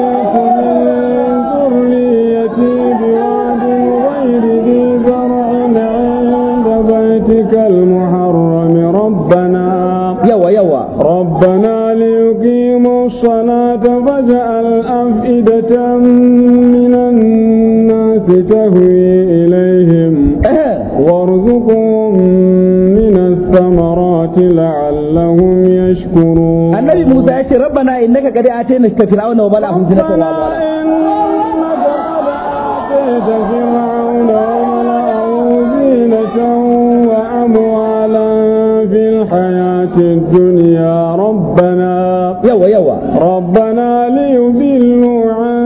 ربنا ليقيموا الصلاة فاجعل أفئدة من الناس تهوي إليهم (coughs) وارزقهم من الثمرات لعلهم يشكرون النبي موسى يقول ربنا إنك قد آتينا فرعون وملأهم زينة الله إنك قد آتيت فرعون وملأه زينة في الحياة الدنيا ربنا يوا يوا ربنا ليضلوا عن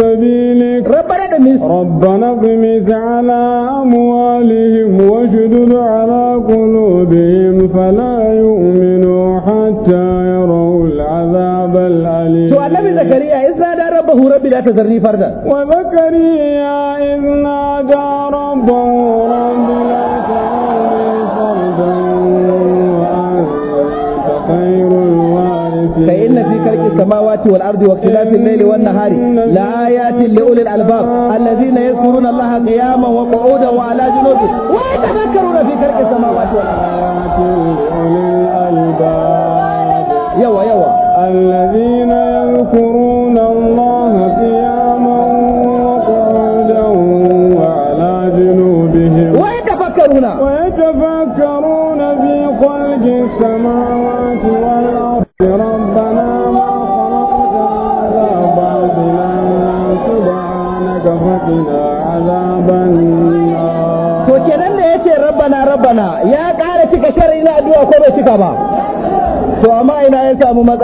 سبيلك ربنا اطمس ربنا اغمس على أموالهم واشدد على قلوبهم فلا يؤمنوا حتى يروا العذاب الأليم سؤال النبي زكريا إذ نادى ربه ربي لا تذرني فردا وزكريا إذ نادى ربه ربي السماوات والأرض واختلاف الليل والنهار لآيات لأولي الألباب الذين يذكرون الله قياما وقعودا وعلى جنوده ويتفكرون في خلق السماوات والأرض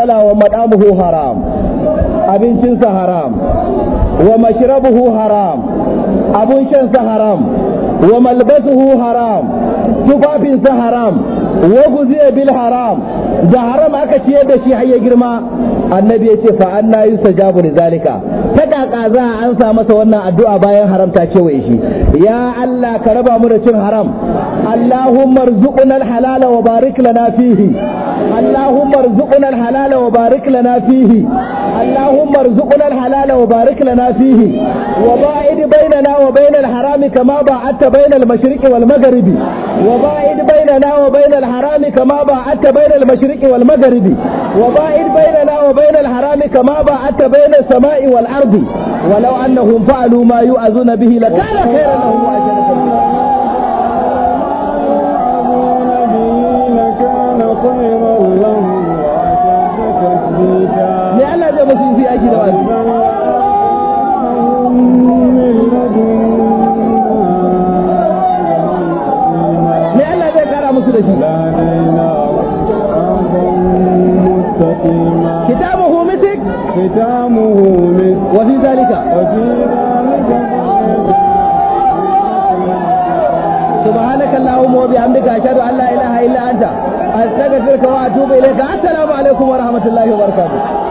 ta'ala wa madamuhu haram abincinsa haram wa mashrabuhu haram abun haram wa malbasuhu haram tufafinsa haram wa guziya bil haram da haram aka ciyar da shi har ya girma annabi ya ce fa anna jabu li zalika ta kaka za a ansa masa wannan addu'a bayan haramta kewaye shi ya Allah ka raba mu da cin haram Allahumma arzuqna al halala wa barik lana fihi اللهم ارزقنا الحلال وبارك لنا فيه اللهم ارزقنا الحلال وبارك لنا فيه وباعد بيننا وبين الحرام كما باعدت بين المشرق والمغرب وباعد بيننا وبين الحرام كما باعدت بين المشرق والمغرب وباعد بيننا وبين الحرام كما باعدت بين السماء والارض ولو انهم فعلوا ما يؤذون به لكان خيرا لهم ba su yi aiki da wa'azi me Allah zai kara musu da shi kitabuhu mitik kitabuhu mitik wa fi zalika wa fi zalika سبحانك اللهم وبحمدك أشهد أن لا إله إلا أنت أستغفرك وأتوب إليك السلام عليكم ورحمة الله وبركاته